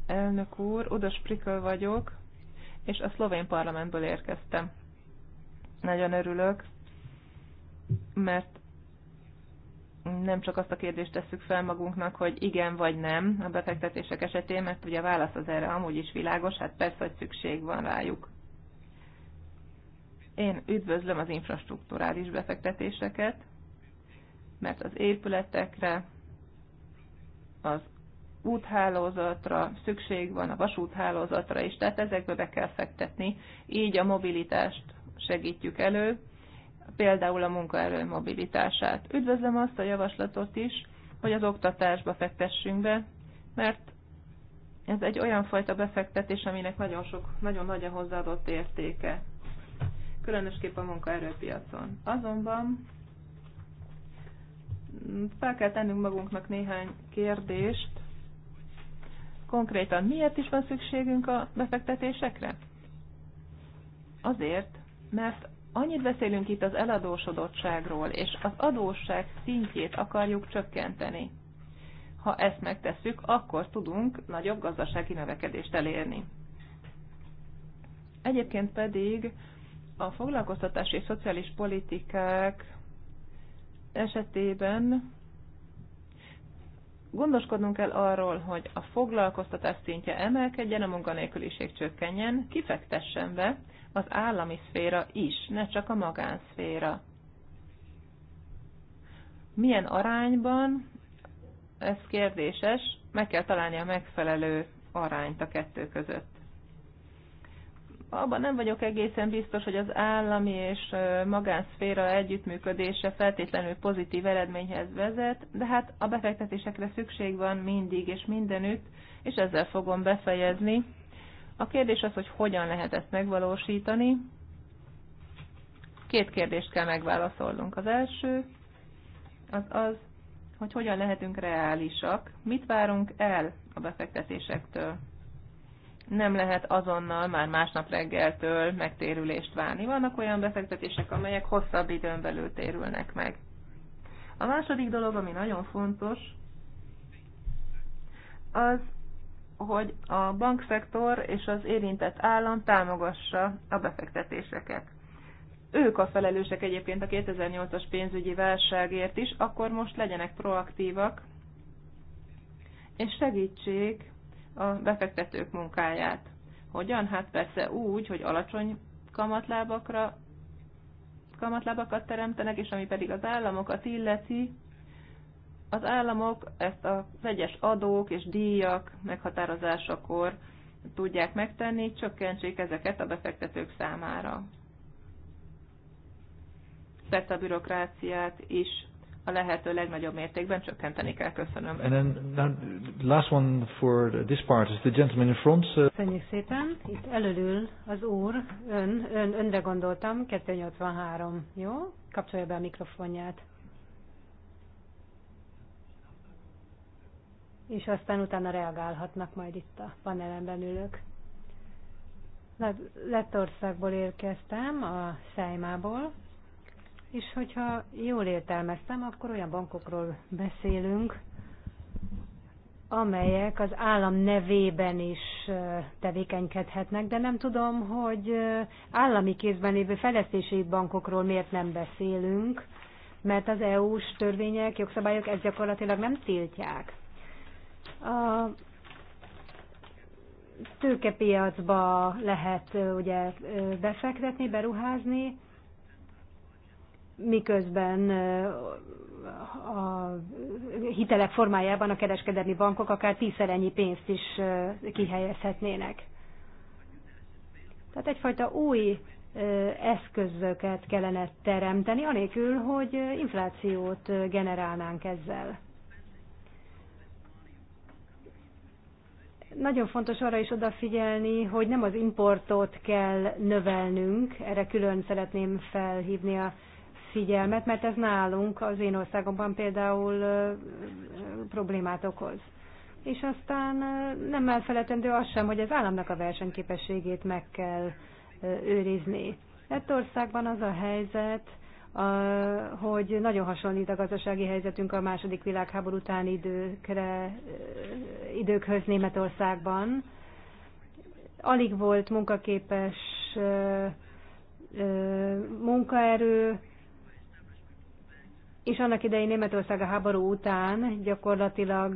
elnök úr, Uda Sprikl vagyok, és a szlovén parlamentből érkeztem. Nagyon örülök, mert nem csak azt a kérdést tesszük fel magunknak, hogy igen vagy nem a befektetések esetén, mert ugye a válasz az erre amúgy is világos, hát persze, hogy szükség van rájuk. Én üdvözlöm az infrastruktúrális befektetéseket, mert az épületekre, az úthálózatra szükség van, a vasúthálózatra is, tehát ezekbe be kell fektetni, így a mobilitást segítjük elő, például a munkaerő mobilitását. Üdvözlöm azt a javaslatot is, hogy az oktatásba fektessünk be, mert ez egy olyan fajta befektetés, aminek nagyon, sok, nagyon nagy a hozzáadott értéke különösképp a munkaerőpiacon. Azonban fel kell tennünk magunknak néhány kérdést, konkrétan miért is van szükségünk a befektetésekre? Azért, mert annyit beszélünk itt az eladósodottságról, és az adósság szintjét akarjuk csökkenteni. Ha ezt megtesszük, akkor tudunk nagyobb gazdasági növekedést elérni. Egyébként pedig a foglalkoztatási és szociális politikák esetében gondoskodnunk kell arról, hogy a foglalkoztatás szintje emelkedjen, a munkanélküliség csökkenjen, kifektessen be az állami szféra is, ne csak a magánszféra. Milyen arányban, ez kérdéses, meg kell találni a megfelelő arányt a kettő között abban nem vagyok egészen biztos, hogy az állami és magánszféra együttműködése feltétlenül pozitív eredményhez vezet, de hát a befektetésekre szükség van mindig és mindenütt, és ezzel fogom befejezni. A kérdés az, hogy hogyan lehet ezt megvalósítani. Két kérdést kell megválaszolnunk. Az első az az, hogy hogyan lehetünk reálisak, mit várunk el a befektetésektől nem lehet azonnal már másnap reggeltől megtérülést várni. Vannak olyan befektetések, amelyek hosszabb időn belül térülnek meg. A második dolog, ami nagyon fontos, az, hogy a bankszektor és az érintett állam támogassa a befektetéseket. Ők a felelősek egyébként a 2008-as pénzügyi válságért is, akkor most legyenek proaktívak, és segítsék a befektetők munkáját. Hogyan? Hát persze úgy, hogy alacsony kamatlábakra kamatlábakat teremtenek, és ami pedig az államokat illeti, az államok ezt a vegyes adók és díjak meghatározásakor tudják megtenni, csökkentsék ezeket a befektetők számára. Persze a bürokráciát is a lehető legnagyobb mértékben csökkenteni kell. Köszönöm. And
then, now, last one for this part is the gentleman in front. Köszönjük
szépen. Itt elölül az úr, ön, ön, önre gondoltam, 283, jó? Kapcsolja be a mikrofonját. És aztán utána reagálhatnak majd itt a panelemben ülők. Lettországból érkeztem, a Szájmából, és hogyha jól értelmeztem, akkor olyan bankokról beszélünk, amelyek az állam nevében is tevékenykedhetnek, de nem tudom, hogy állami kézben lévő fejlesztési bankokról miért nem beszélünk, mert az EU-s törvények, jogszabályok ezt gyakorlatilag nem tiltják. A tőkepiacba lehet ugye befektetni, beruházni, miközben a hitelek formájában a kereskedelmi bankok akár tízszer ennyi pénzt is kihelyezhetnének. Tehát egyfajta új eszközöket kellene teremteni, anélkül, hogy inflációt generálnánk ezzel. Nagyon fontos arra is odafigyelni, hogy nem az importot kell növelnünk, erre külön szeretném felhívni a figyelmet, mert ez nálunk, az én országomban például problémát okoz. És aztán nem elfeletendő az sem, hogy az államnak a versenyképességét meg kell őrizni. országban az a helyzet, hogy nagyon hasonlít a gazdasági helyzetünk a második világháború utáni időkre, időkhöz Németországban. Alig volt munkaképes munkaerő, és annak idején Németország a háború után gyakorlatilag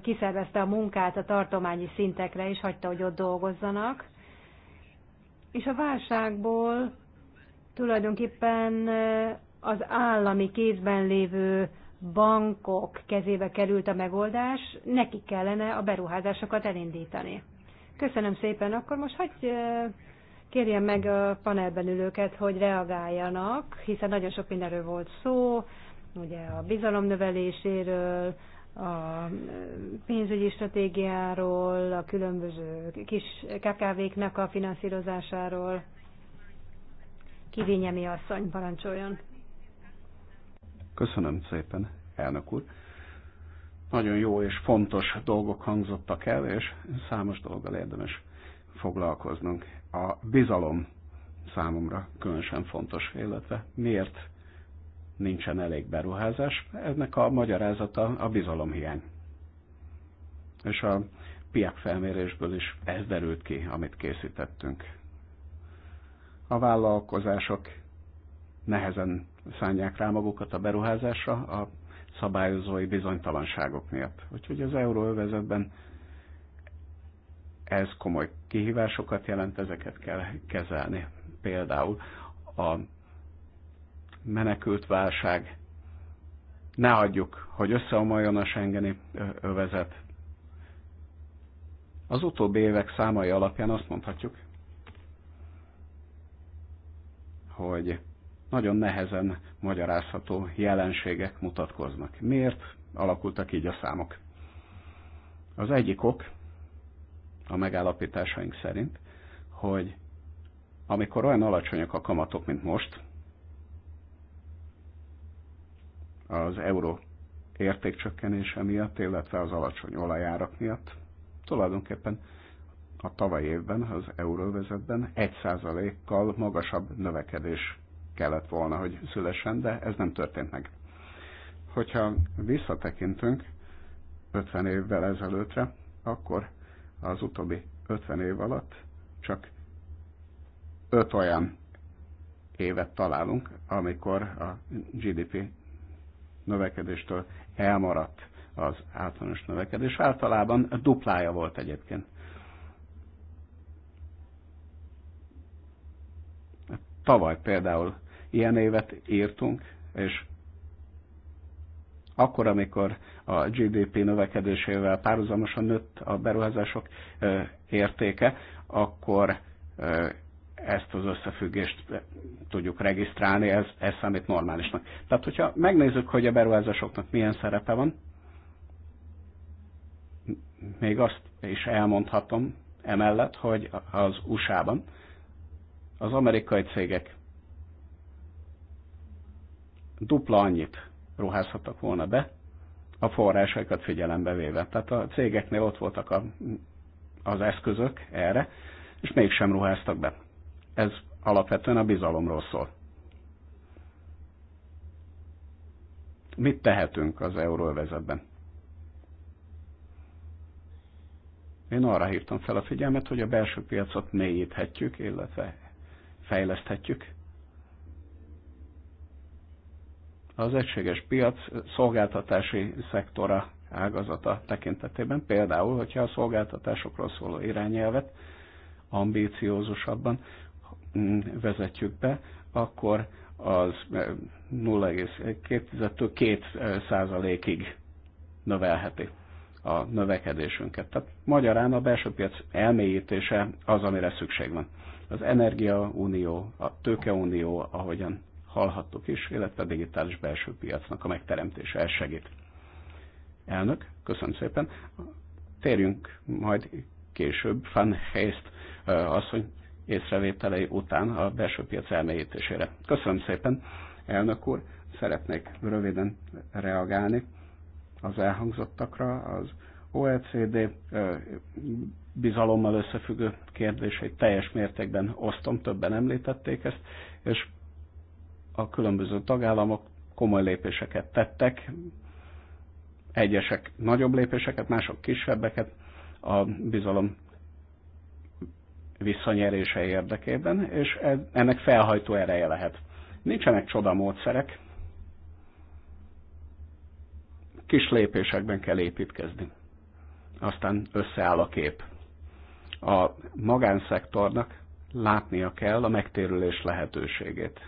kiszervezte a munkát a tartományi szintekre, és hagyta, hogy ott dolgozzanak. És a válságból tulajdonképpen az állami kézben lévő bankok kezébe került a megoldás, nekik kellene a beruházásokat elindítani. Köszönöm szépen, akkor most hagyj kérjem meg a panelben ülőket, hogy reagáljanak, hiszen nagyon sok mindenről volt szó, ugye a bizalom növeléséről, a pénzügyi stratégiáról, a különböző kis KKV-knak a finanszírozásáról. Kivényemi asszony, parancsoljon.
Köszönöm szépen, elnök úr. Nagyon jó és fontos dolgok hangzottak el, és számos dologgal érdemes foglalkoznunk. A bizalom számomra különösen fontos, illetve miért nincsen elég beruházás. Ennek a magyarázata a bizalomhiány. És a piak felmérésből is ez derült ki, amit készítettünk. A vállalkozások nehezen szánják rá magukat a beruházásra a szabályozói bizonytalanságok miatt. Úgyhogy az euróövezetben ez komoly kihívásokat jelent, ezeket kell kezelni. Például a menekült válság. Ne hagyjuk, hogy összeomoljon a Schengeni övezet. Az utóbbi évek számai alapján azt mondhatjuk, hogy nagyon nehezen magyarázható jelenségek mutatkoznak. Miért alakultak így a számok? Az egyik ok a megállapításaink szerint, hogy amikor olyan alacsonyak a kamatok, mint most, az euró értékcsökkenése miatt, illetve az alacsony olajárak miatt tulajdonképpen a tavaly évben az euróvezetben 1%-kal magasabb növekedés kellett volna, hogy szülessen, de ez nem történt meg. Hogyha visszatekintünk 50 évvel ezelőttre, akkor az utóbbi 50 év alatt csak 5 olyan évet találunk, amikor a GDP növekedéstől elmaradt az általános növekedés. Általában duplája volt egyébként. Tavaly például ilyen évet írtunk, és akkor, amikor a GDP növekedésével párhuzamosan nőtt a beruházások értéke, akkor ezt az összefüggést tudjuk regisztrálni, ez, ez számít normálisnak. Tehát, hogyha megnézzük, hogy a beruházásoknak milyen szerepe van, még azt is elmondhatom emellett, hogy az USA-ban az amerikai cégek dupla annyit ruházhattak volna be, a forrásaikat figyelembe véve. Tehát a cégeknél ott voltak a, az eszközök erre, és mégsem ruháztak be. Ez alapvetően a bizalomról szól. Mit tehetünk az euróvezetben? Én arra hívtam fel a figyelmet, hogy a belső piacot mélyíthetjük, illetve fejleszthetjük. Az egységes piac szolgáltatási szektora ágazata tekintetében, például, hogyha a szolgáltatásokról szóló irányelvet ambíciózusabban vezetjük be, akkor az 0,2-től eh, 2 eh, százalékig növelheti a növekedésünket. Tehát magyarán a belső piac elmélyítése az, amire szükség van. Az energiaunió, a tőkeunió, ahogyan hallhattuk is, illetve a digitális belső piacnak a megteremtése ez segít. Elnök, köszönöm szépen. Térjünk majd később Van Heist hogy eh, észrevételei után a belső piac elmélyítésére. Köszönöm szépen, elnök úr, szeretnék röviden reagálni az elhangzottakra, az OECD bizalommal összefüggő kérdéseit teljes mértékben osztom, többen említették ezt, és a különböző tagállamok komoly lépéseket tettek, egyesek nagyobb lépéseket, mások kisebbeket a bizalom visszanyerése érdekében, és ennek felhajtó ereje lehet. Nincsenek csoda módszerek, kis lépésekben kell építkezni. Aztán összeáll a kép. A magánszektornak látnia kell a megtérülés lehetőségét.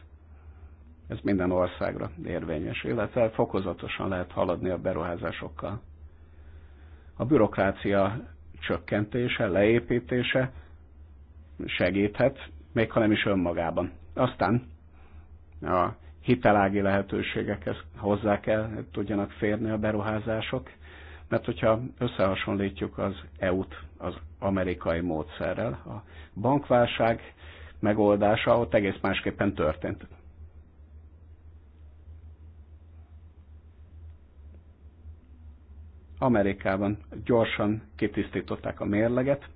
Ez minden országra érvényes, illetve fokozatosan lehet haladni a beruházásokkal. A bürokrácia csökkentése, leépítése segíthet, még ha nem is önmagában. Aztán a hitelági lehetőségekhez hozzá kell tudjanak férni a beruházások, mert hogyha összehasonlítjuk az EU-t az amerikai módszerrel, a bankválság megoldása ott egész másképpen történt. Amerikában gyorsan kitisztították a mérleget,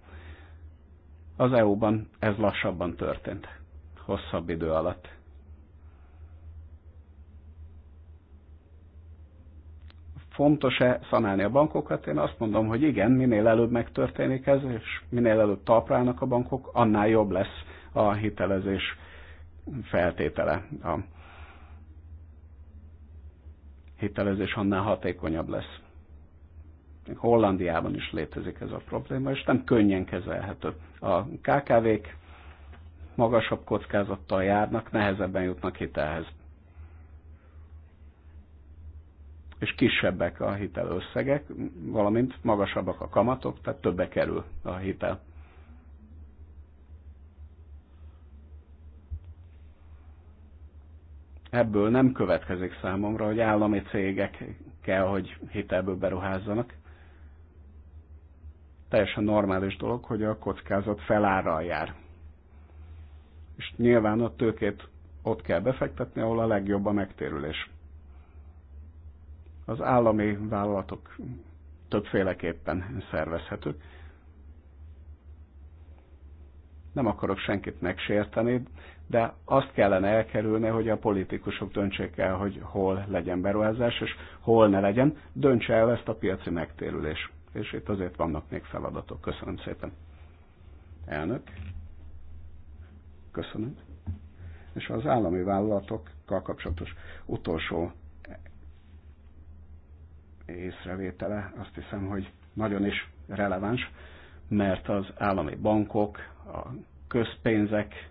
az EU-ban ez lassabban történt, hosszabb idő alatt. Fontos-e szanálni a bankokat? Én azt mondom, hogy igen, minél előbb megtörténik ez, és minél előbb talprálnak a bankok, annál jobb lesz a hitelezés feltétele. A hitelezés annál hatékonyabb lesz. Hollandiában is létezik ez a probléma, és nem könnyen kezelhető. A KKV-k magasabb kockázattal járnak, nehezebben jutnak hitelhez. És kisebbek a hitelösszegek, valamint magasabbak a kamatok, tehát többe kerül a hitel. Ebből nem következik számomra, hogy állami cégek kell, hogy hitelből beruházzanak teljesen normális dolog, hogy a kockázat felárral jár. És nyilván a tőkét ott kell befektetni, ahol a legjobb a megtérülés. Az állami vállalatok többféleképpen szervezhetők. Nem akarok senkit megsérteni, de azt kellene elkerülni, hogy a politikusok döntsék el, hogy hol legyen beruházás, és hol ne legyen, döntse el ezt a piaci megtérülés és itt azért vannak még feladatok. Köszönöm szépen. Elnök, köszönöm. És az állami vállalatokkal kapcsolatos utolsó észrevétele azt hiszem, hogy nagyon is releváns, mert az állami bankok, a közpénzek,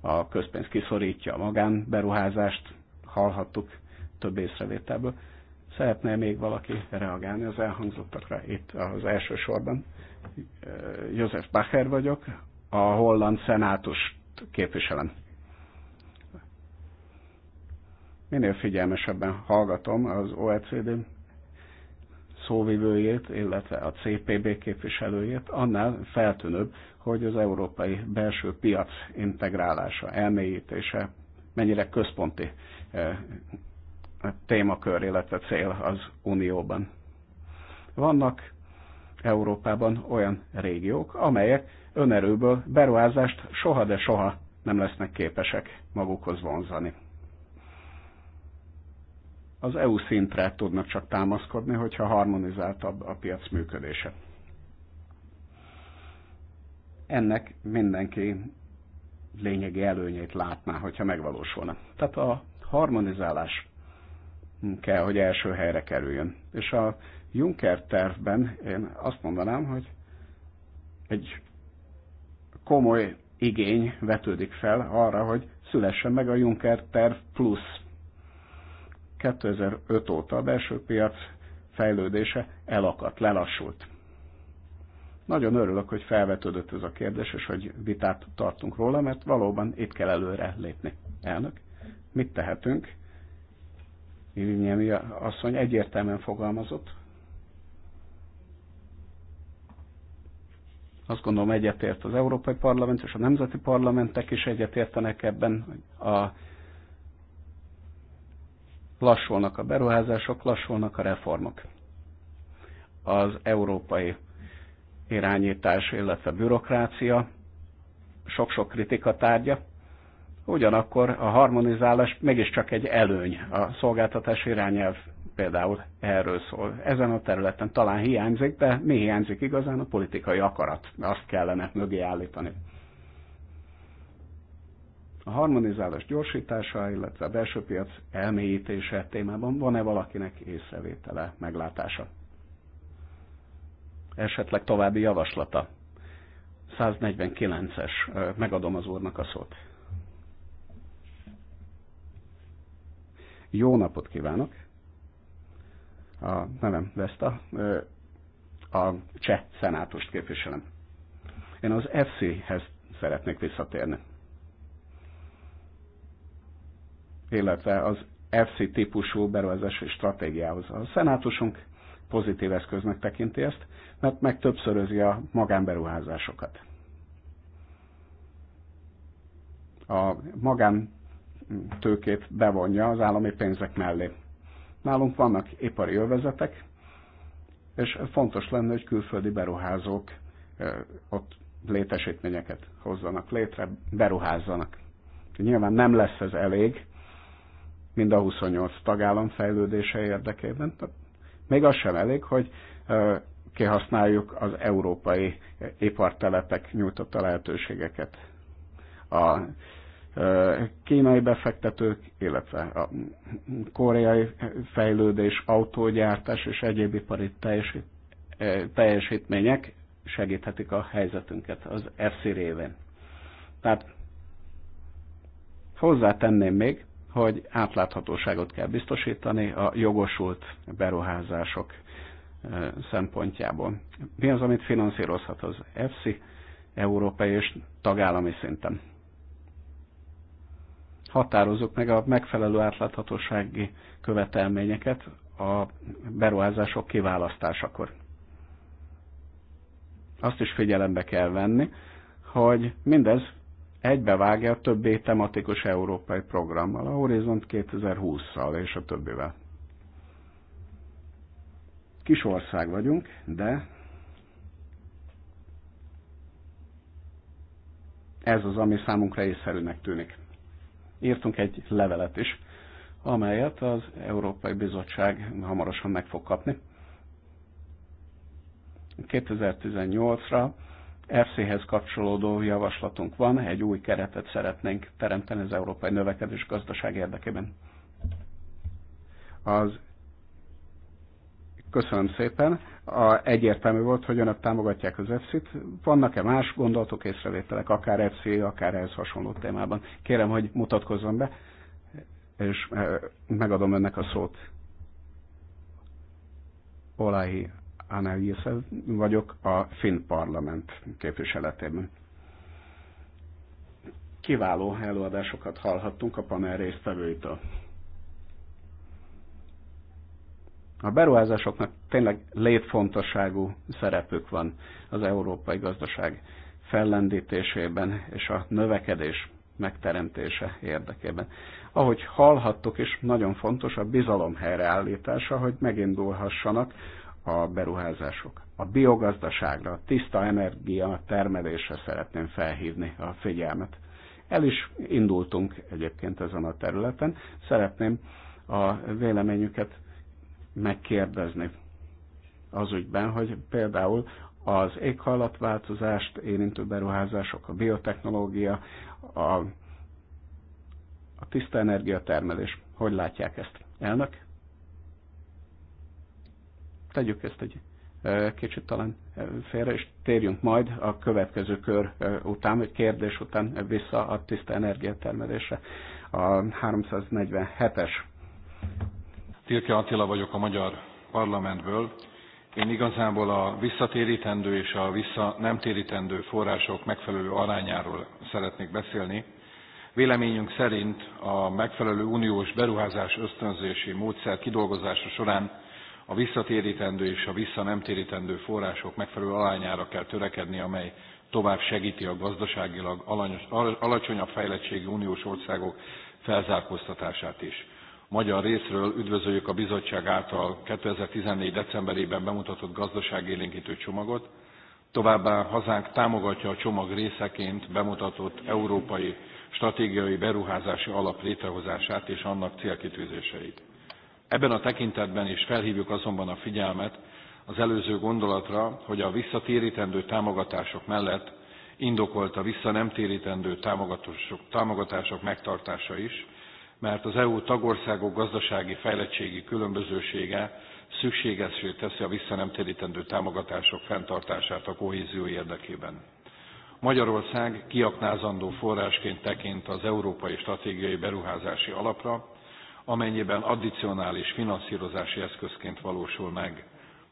a közpénz kiszorítja a magánberuházást, hallhattuk több észrevételből, Szeretné még valaki reagálni az elhangzottakra? Itt az első sorban József Bacher vagyok, a holland szenátus képviselem. Minél figyelmesebben hallgatom az OECD szóvivőjét, illetve a CPB képviselőjét, annál feltűnőbb, hogy az európai belső piac integrálása, elmélyítése mennyire központi témakör, illetve cél az Unióban. Vannak Európában olyan régiók, amelyek önerőből beruházást soha de soha nem lesznek képesek magukhoz vonzani. Az EU szintre tudnak csak támaszkodni, hogyha harmonizáltabb a piac működése. Ennek mindenki lényegi előnyét látná, hogyha megvalósulna. Tehát a harmonizálás kell, hogy első helyre kerüljön. És a Juncker tervben én azt mondanám, hogy egy komoly igény vetődik fel arra, hogy szülessen meg a Juncker terv plusz. 2005 óta a belső piac fejlődése elakadt, lelassult. Nagyon örülök, hogy felvetődött ez a kérdés, és hogy vitát tartunk róla, mert valóban itt kell előre lépni. Elnök, mit tehetünk? Nyemi asszony egyértelműen fogalmazott. Azt gondolom egyetért az Európai Parlament és a nemzeti parlamentek is egyetértenek ebben a lassulnak a beruházások, lassulnak a reformok. Az európai irányítás, illetve bürokrácia sok-sok kritika tárgya, Ugyanakkor a harmonizálás mégiscsak egy előny. A szolgáltatás irányelv például erről szól. Ezen a területen talán hiányzik, de mi hiányzik igazán? A politikai akarat. Azt kellene mögé állítani. A harmonizálás gyorsítása, illetve a belső piac elmélyítése témában van-e valakinek észrevétele, meglátása? Esetleg további javaslata? 149-es, megadom az úrnak a szót. Jó napot kívánok! A, nevem Veszta, a cseh szenátust képviselem. Én az FC-hez szeretnék visszatérni. Illetve az FC típusú beruházási stratégiához. A szenátusunk pozitív eszköznek tekinti ezt, mert meg többszörözi a magánberuházásokat. A magán tőkét bevonja az állami pénzek mellé. Nálunk vannak ipari övezetek, és fontos lenne, hogy külföldi beruházók ott létesítményeket hozzanak létre, beruházzanak. Nyilván nem lesz ez elég, mind a 28 tagállam fejlődése érdekében. Még az sem elég, hogy kihasználjuk az európai ipartelepek nyújtotta lehetőségeket. A kínai befektetők, illetve a koreai fejlődés, autógyártás és egyéb ipari teljesítmények segíthetik a helyzetünket az EFSI révén. Tehát hozzátenném még, hogy átláthatóságot kell biztosítani a jogosult beruházások szempontjából. Mi az, amit finanszírozhat az EFSI európai és tagállami szinten? határozzuk meg a megfelelő átláthatósági követelményeket a beruházások kiválasztásakor. Azt is figyelembe kell venni, hogy mindez egybevágja a többi tematikus európai programmal, a Horizont 2020-szal és a többivel. Kis ország vagyunk, de ez az, ami számunkra észszerűnek tűnik írtunk egy levelet is, amelyet az Európai Bizottság hamarosan meg fog kapni. 2018-ra FC-hez kapcsolódó javaslatunk van, egy új keretet szeretnénk teremteni az európai növekedés gazdaság érdekében. Az Köszönöm szépen. A, egyértelmű volt, hogy önök támogatják az EFSZ-t. Vannak-e más gondolatok, észrevételek, akár EFSZ, akár ehhez hasonló témában? Kérem, hogy mutatkozzon be, és eh, megadom önnek a szót. Olahi Anelgisze vagyok a Finn Parlament képviseletében. Kiváló előadásokat hallhattunk a panel résztvevőitől. A beruházásoknak tényleg létfontosságú szerepük van az európai gazdaság fellendítésében és a növekedés megteremtése érdekében. Ahogy hallhattuk is, nagyon fontos a bizalom helyreállítása, hogy megindulhassanak a beruházások. A biogazdaságra, a tiszta energia termelésre szeretném felhívni a figyelmet. El is indultunk egyébként ezen a területen. Szeretném a véleményüket megkérdezni az ügyben, hogy például az éghajlatváltozást érintő beruházások, a biotechnológia, a, a tiszta energiatermelés. Hogy látják ezt? Elnök? Tegyük ezt egy kicsit talán félre, és térjünk majd a következő kör után, vagy kérdés után vissza a tiszta energiatermelésre. A 347-es
Tilke Attila vagyok a Magyar Parlamentből. Én igazából a visszatérítendő és a vissza nem térítendő források megfelelő arányáról szeretnék beszélni. Véleményünk szerint a megfelelő uniós beruházás ösztönzési módszer kidolgozása során a visszatérítendő és a vissza nem térítendő források megfelelő arányára kell törekedni, amely tovább segíti a gazdaságilag alacsonyabb fejlettségi uniós országok felzárkóztatását is magyar részről üdvözöljük a bizottság által 2014. decemberében bemutatott gazdaságélénkítő csomagot, továbbá hazánk támogatja a csomag részeként bemutatott európai stratégiai beruházási alap létrehozását és annak célkitűzéseit. Ebben a tekintetben is felhívjuk azonban a figyelmet az előző gondolatra, hogy a visszatérítendő támogatások mellett indokolt a vissza nem térítendő támogatások, támogatások megtartása is, mert az EU tagországok gazdasági fejlettségi különbözősége szükségesé teszi a visszanemtérítendő támogatások fenntartását a kohézió érdekében. Magyarország kiaknázandó forrásként tekint az Európai Stratégiai Beruházási Alapra, amennyiben addicionális finanszírozási eszközként valósul meg.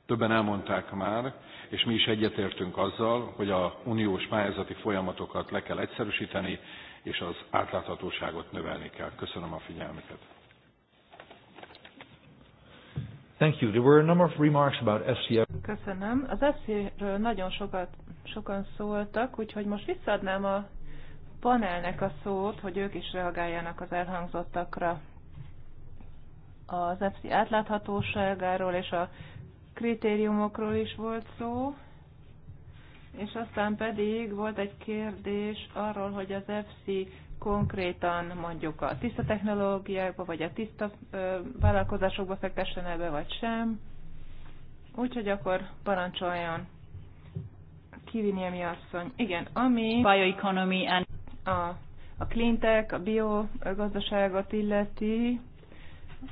Többen elmondták már, és mi is egyetértünk azzal, hogy a uniós pályázati folyamatokat le kell egyszerűsíteni, és az átláthatóságot növelni kell. Köszönöm a figyelmüket. Thank you. There were a number of remarks about FCF.
Köszönöm. Az FC-ről nagyon sokat, sokan szóltak, úgyhogy most visszaadnám a panelnek a szót, hogy ők is reagáljanak az elhangzottakra. Az FC átláthatóságáról és a kritériumokról is volt szó, és aztán pedig volt egy kérdés arról, hogy az FC konkrétan mondjuk a tiszta technológiákba, vagy a tiszta vállalkozásokba fektessen ebbe, vagy sem. Úgyhogy akkor parancsoljon. mi asszony. Igen, ami... Bioeconomy and... A, a cleantech, a biogazdaságot illeti,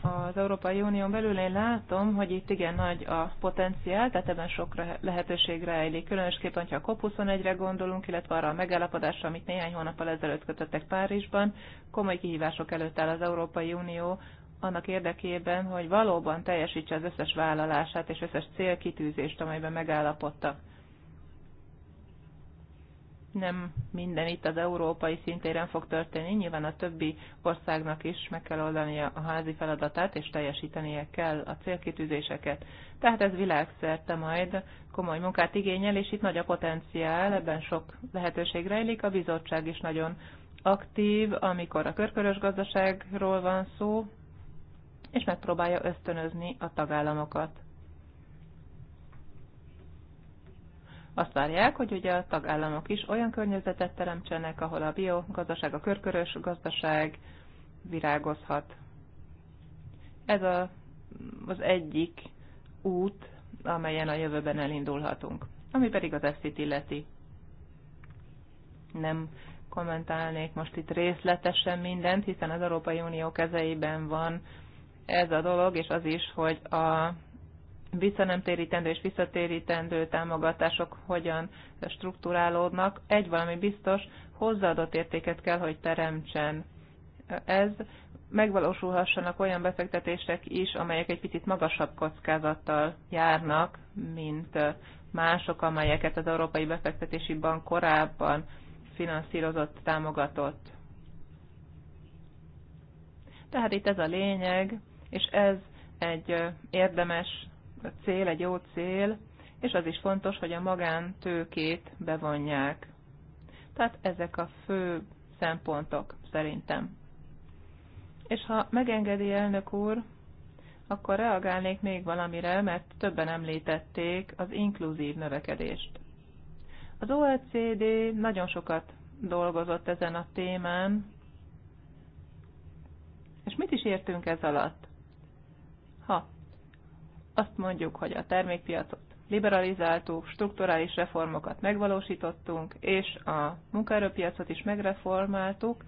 az Európai Unión belül én látom, hogy itt igen nagy a potenciál, tehát ebben sok lehetőség rejlik. Különösképpen, ha a COP21-re gondolunk, illetve arra a megállapodásra, amit néhány hónappal ezelőtt kötöttek Párizsban, komoly kihívások előtt áll az Európai Unió annak érdekében, hogy valóban teljesítse az összes vállalását és összes célkitűzést, amelyben megállapodtak nem minden itt az európai szintéren fog történni, nyilván a többi országnak is meg kell oldania a házi feladatát, és teljesítenie kell a célkitűzéseket. Tehát ez világszerte majd komoly munkát igényel, és itt nagy a potenciál, ebben sok lehetőség rejlik, a bizottság is nagyon aktív, amikor a körkörös gazdaságról van szó, és megpróbálja ösztönözni a tagállamokat. Azt várják, hogy ugye a tagállamok is olyan környezetet teremtsenek, ahol a biogazdaság, a körkörös gazdaság virágozhat. Ez a, az egyik út, amelyen a jövőben elindulhatunk. Ami pedig az eszit illeti. Nem kommentálnék most itt részletesen mindent, hiszen az Európai Unió kezeiben van ez a dolog, és az is, hogy a visszanemtérítendő és visszatérítendő támogatások hogyan struktúrálódnak. Egy valami biztos, hozzáadott értéket kell, hogy teremtsen. Ez megvalósulhassanak olyan befektetések is, amelyek egy picit magasabb kockázattal járnak, mint mások, amelyeket az Európai Befektetési Bank korábban finanszírozott, támogatott. Tehát itt ez a lényeg, és ez egy érdemes a cél egy jó cél, és az is fontos, hogy a magántőkét bevonják. Tehát ezek a fő szempontok szerintem. És ha megengedi elnök úr, akkor reagálnék még valamire, mert többen említették az inkluzív növekedést. Az OECD nagyon sokat dolgozott ezen a témán, és mit is értünk ez alatt? Ha azt mondjuk, hogy a termékpiacot liberalizáltuk, strukturális reformokat megvalósítottunk, és a munkaerőpiacot is megreformáltuk,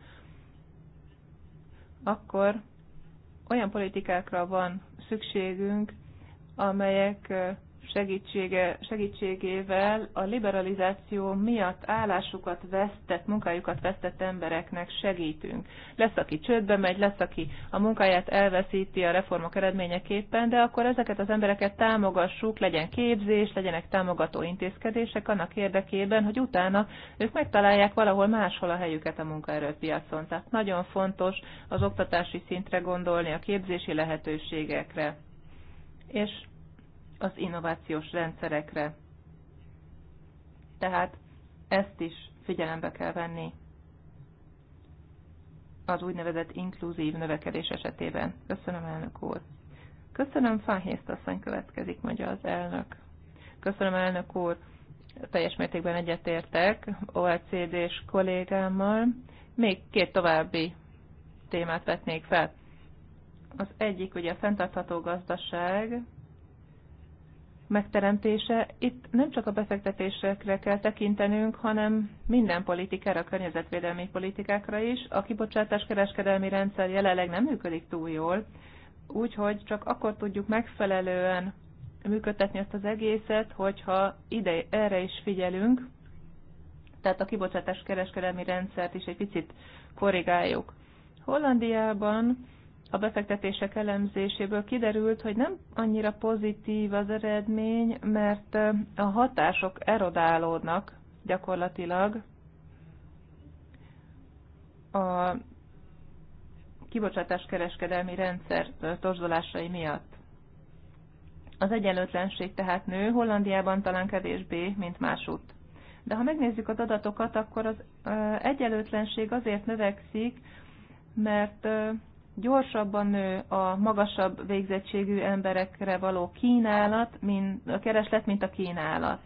akkor olyan politikákra van szükségünk, amelyek segítsége, segítségével a liberalizáció miatt állásukat vesztett, munkájukat vesztett embereknek segítünk. Lesz, aki csődbe megy, lesz, aki a munkáját elveszíti a reformok eredményeképpen, de akkor ezeket az embereket támogassuk, legyen képzés, legyenek támogató intézkedések annak érdekében, hogy utána ők megtalálják valahol máshol a helyüket a munkaerőpiacon. Tehát nagyon fontos az oktatási szintre gondolni, a képzési lehetőségekre. És az innovációs rendszerekre. Tehát ezt is figyelembe kell venni az úgynevezett inkluzív növekedés esetében. Köszönöm, elnök úr. Köszönöm, Fáhészt asszony következik, mondja az elnök. Köszönöm, elnök úr. Teljes mértékben egyetértek OECD-s kollégámmal. Még két további témát vetnék fel. Az egyik ugye a fenntartható gazdaság, megteremtése. Itt nem csak a befektetésekre kell tekintenünk, hanem minden politikára, a környezetvédelmi politikákra is. A kibocsátás kereskedelmi rendszer jelenleg nem működik túl jól, úgyhogy csak akkor tudjuk megfelelően működtetni ezt az egészet, hogyha ide, erre is figyelünk, tehát a kibocsátás kereskedelmi rendszert is egy picit korrigáljuk. Hollandiában a befektetések elemzéséből kiderült, hogy nem annyira pozitív az eredmény, mert a hatások erodálódnak gyakorlatilag a kibocsátás kereskedelmi rendszer torzulásai miatt. Az egyenlőtlenség tehát nő, Hollandiában talán kevésbé, mint másutt. De ha megnézzük az adatokat, akkor az egyenlőtlenség azért növekszik, mert gyorsabban nő a magasabb végzettségű emberekre való kínálat, mint a kereslet, mint a kínálat.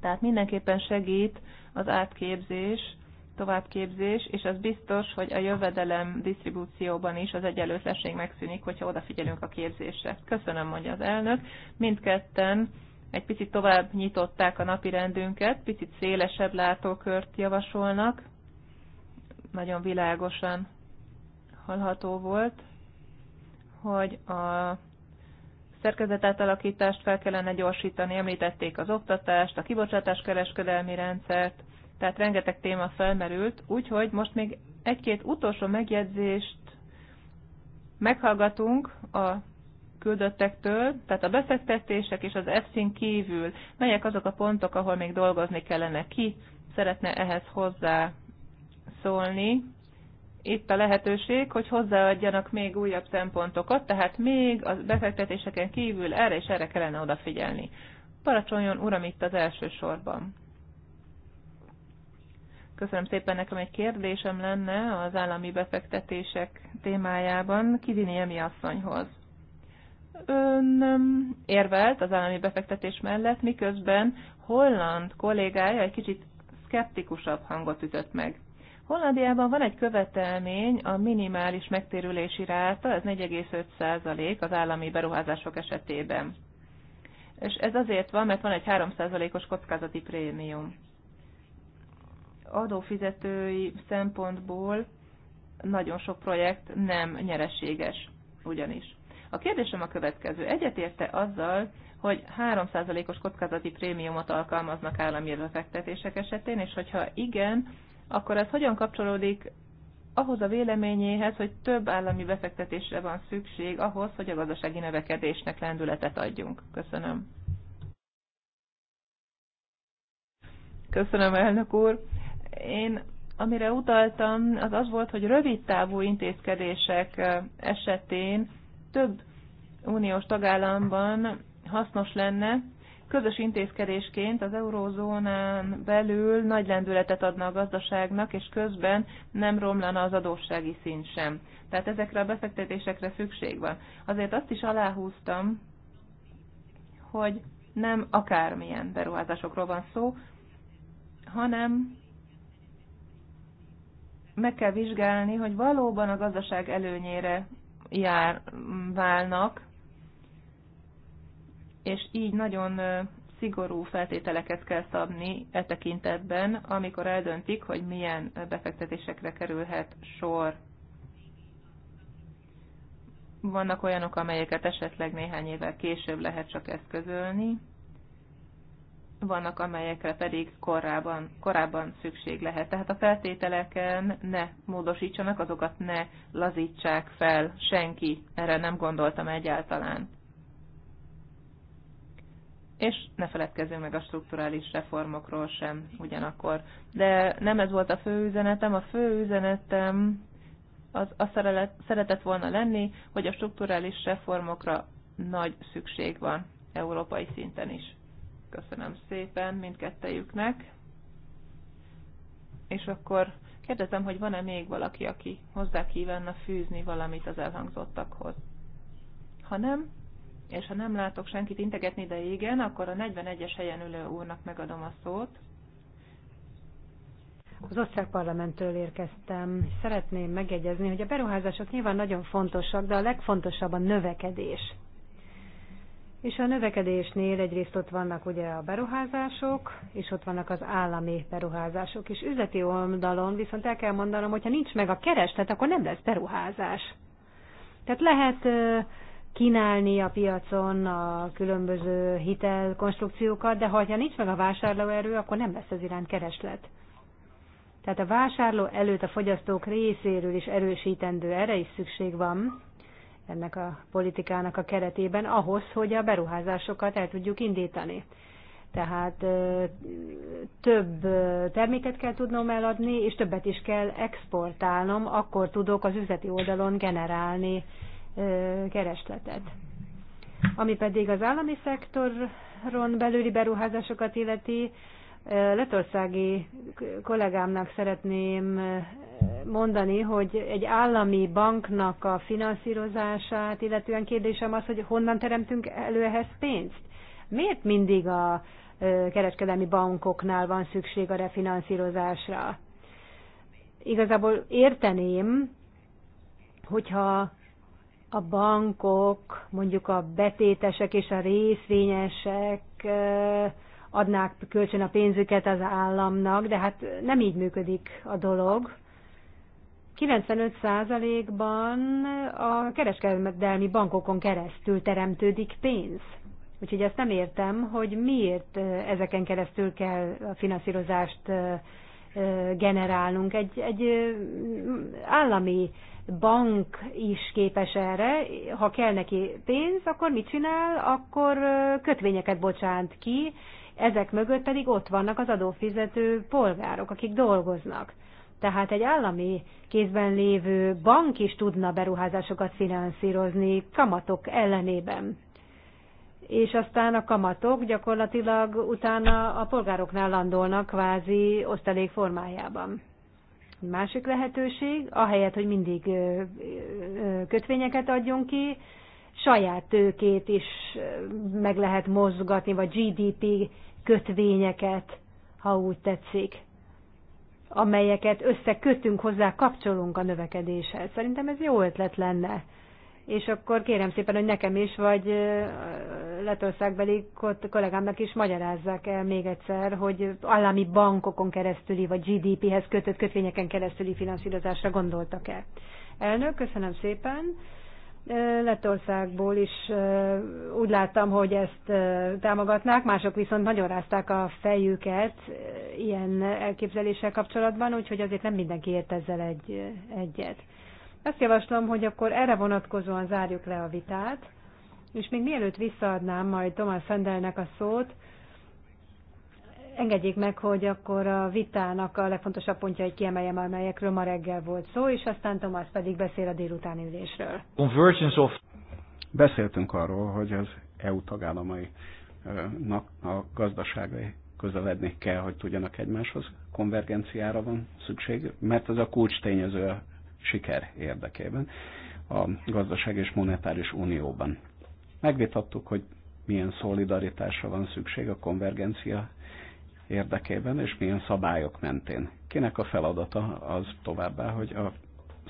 Tehát mindenképpen segít az átképzés, továbbképzés, és az biztos, hogy a jövedelem disztribúcióban is az egyenlőtlenség megszűnik, hogyha odafigyelünk a képzésre. Köszönöm, mondja az elnök. Mindketten egy picit tovább nyitották a napi rendünket, picit szélesebb látókört javasolnak, nagyon világosan hallható volt, hogy a szerkezetátalakítást fel kellene gyorsítani, említették az oktatást, a kibocsátás kereskedelmi rendszert, tehát rengeteg téma felmerült, úgyhogy most még egy-két utolsó megjegyzést meghallgatunk a küldöttektől, tehát a befektetések és az efsz kívül, melyek azok a pontok, ahol még dolgozni kellene ki, szeretne ehhez hozzá szólni, itt a lehetőség, hogy hozzáadjanak még újabb szempontokat, tehát még a befektetéseken kívül erre és erre kellene odafigyelni. Parancsoljon, uram, itt az első sorban. Köszönöm szépen, nekem egy kérdésem lenne az állami befektetések témájában Kivini Emi asszonyhoz. Ön um, érvelt az állami befektetés mellett, miközben holland kollégája egy kicsit szkeptikusabb hangot ütött meg. Hollandiában van egy követelmény, a minimális megtérülési ráta, ez 4,5% az állami beruházások esetében. És ez azért van, mert van egy 3%-os kockázati prémium. Adófizetői szempontból nagyon sok projekt nem nyereséges ugyanis. A kérdésem a következő. Egyetérte azzal, hogy 3%-os kockázati prémiumot alkalmaznak állami befektetések esetén, és hogyha igen, akkor ez hogyan kapcsolódik ahhoz a véleményéhez, hogy több állami befektetésre van szükség ahhoz, hogy a gazdasági növekedésnek lendületet adjunk. Köszönöm. Köszönöm, elnök úr. Én amire utaltam, az az volt, hogy rövid távú intézkedések esetén több uniós tagállamban hasznos lenne, közös intézkedésként az eurózónán belül nagy lendületet adna a gazdaságnak, és közben nem romlana az adóssági szint sem. Tehát ezekre a befektetésekre szükség van. Azért azt is aláhúztam, hogy nem akármilyen beruházásokról van szó, hanem meg kell vizsgálni, hogy valóban a gazdaság előnyére jár, válnak és így nagyon szigorú feltételeket kell szabni e tekintetben, amikor eldöntik, hogy milyen befektetésekre kerülhet sor. Vannak olyanok, amelyeket esetleg néhány évvel később lehet csak eszközölni, vannak, amelyekre pedig korábban, korábban szükség lehet. Tehát a feltételeken ne módosítsanak, azokat ne lazítsák fel senki. Erre nem gondoltam egyáltalán és ne feledkezzünk meg a strukturális reformokról sem ugyanakkor. De nem ez volt a fő üzenetem, a fő üzenetem az, az szeretett volna lenni, hogy a strukturális reformokra nagy szükség van európai szinten is. Köszönöm szépen mindkettejüknek. És akkor kérdezem, hogy van-e még valaki, aki hozzá kívánna fűzni valamit az elhangzottakhoz. Ha nem, és ha nem látok senkit integetni, de igen, akkor a 41-es helyen ülő úrnak megadom a szót.
Az osztrák parlamenttől érkeztem. Szeretném megjegyezni, hogy a beruházások nyilván nagyon fontosak, de a legfontosabb a növekedés. És a növekedésnél egyrészt ott vannak ugye a beruházások, és ott vannak az állami beruházások. És üzleti oldalon viszont el kell mondanom, hogyha nincs meg a kereslet, akkor nem lesz beruházás. Tehát lehet kínálni a piacon a különböző hitelkonstrukciókat, de ha nincs meg a vásárlóerő, akkor nem lesz az iránt kereslet. Tehát a vásárló előtt a fogyasztók részéről is erősítendő, erre is szükség van ennek a politikának a keretében ahhoz, hogy a beruházásokat el tudjuk indítani. Tehát több terméket kell tudnom eladni, és többet is kell exportálnom, akkor tudok az üzleti oldalon generálni keresletet. Ami pedig az állami szektoron belüli beruházásokat illeti, letországi kollégámnak szeretném mondani, hogy egy állami banknak a finanszírozását, illetően kérdésem az, hogy honnan teremtünk elő ehhez pénzt? Miért mindig a kereskedelmi bankoknál van szükség a refinanszírozásra? Igazából érteném, hogyha a bankok, mondjuk a betétesek és a részvényesek adnák kölcsön a pénzüket az államnak, de hát nem így működik a dolog. 95%-ban a kereskedelmi bankokon keresztül teremtődik pénz. Úgyhogy ezt nem értem, hogy miért ezeken keresztül kell a finanszírozást generálnunk. Egy, egy állami bank is képes erre, ha kell neki pénz, akkor mit csinál? Akkor kötvényeket bocsánt ki, ezek mögött pedig ott vannak az adófizető polgárok, akik dolgoznak. Tehát egy állami kézben lévő bank is tudna beruházásokat finanszírozni kamatok ellenében. És aztán a kamatok gyakorlatilag utána a polgároknál landolnak kvázi osztalék formájában. Másik lehetőség, ahelyett, hogy mindig kötvényeket adjon ki, saját tőkét is meg lehet mozgatni, vagy GDP kötvényeket, ha úgy tetszik, amelyeket összekötünk hozzá, kapcsolunk a növekedéshez. Szerintem ez jó ötlet lenne és akkor kérem szépen, hogy nekem is, vagy Letországbeli kollégámnak is magyarázzák el még egyszer, hogy állami bankokon keresztüli, vagy GDP-hez kötött kötvényeken keresztüli finanszírozásra gondoltak-e. Elnök, köszönöm szépen. Lettországból is úgy láttam, hogy ezt támogatnák, mások viszont nagyon rázták a fejüket ilyen elképzeléssel kapcsolatban, úgyhogy azért nem mindenki ért ezzel egy, egyet. Azt javaslom, hogy akkor erre vonatkozóan zárjuk le a vitát, és még mielőtt visszaadnám majd Thomas Szendelnek a szót, engedjék meg, hogy akkor a vitának a legfontosabb pontjait kiemeljem, amelyekről ma reggel volt szó, és aztán Tomás pedig beszél a délutáni ülésről.
of... Beszéltünk arról, hogy az EU tagállamainak a gazdaságai közeledni kell, hogy tudjanak egymáshoz. Konvergenciára van szükség, mert ez a kulcs tényező siker érdekében a gazdaság és monetáris unióban. Megvitattuk, hogy milyen szolidaritásra van szükség a konvergencia érdekében, és milyen szabályok mentén. Kinek a feladata az továbbá, hogy a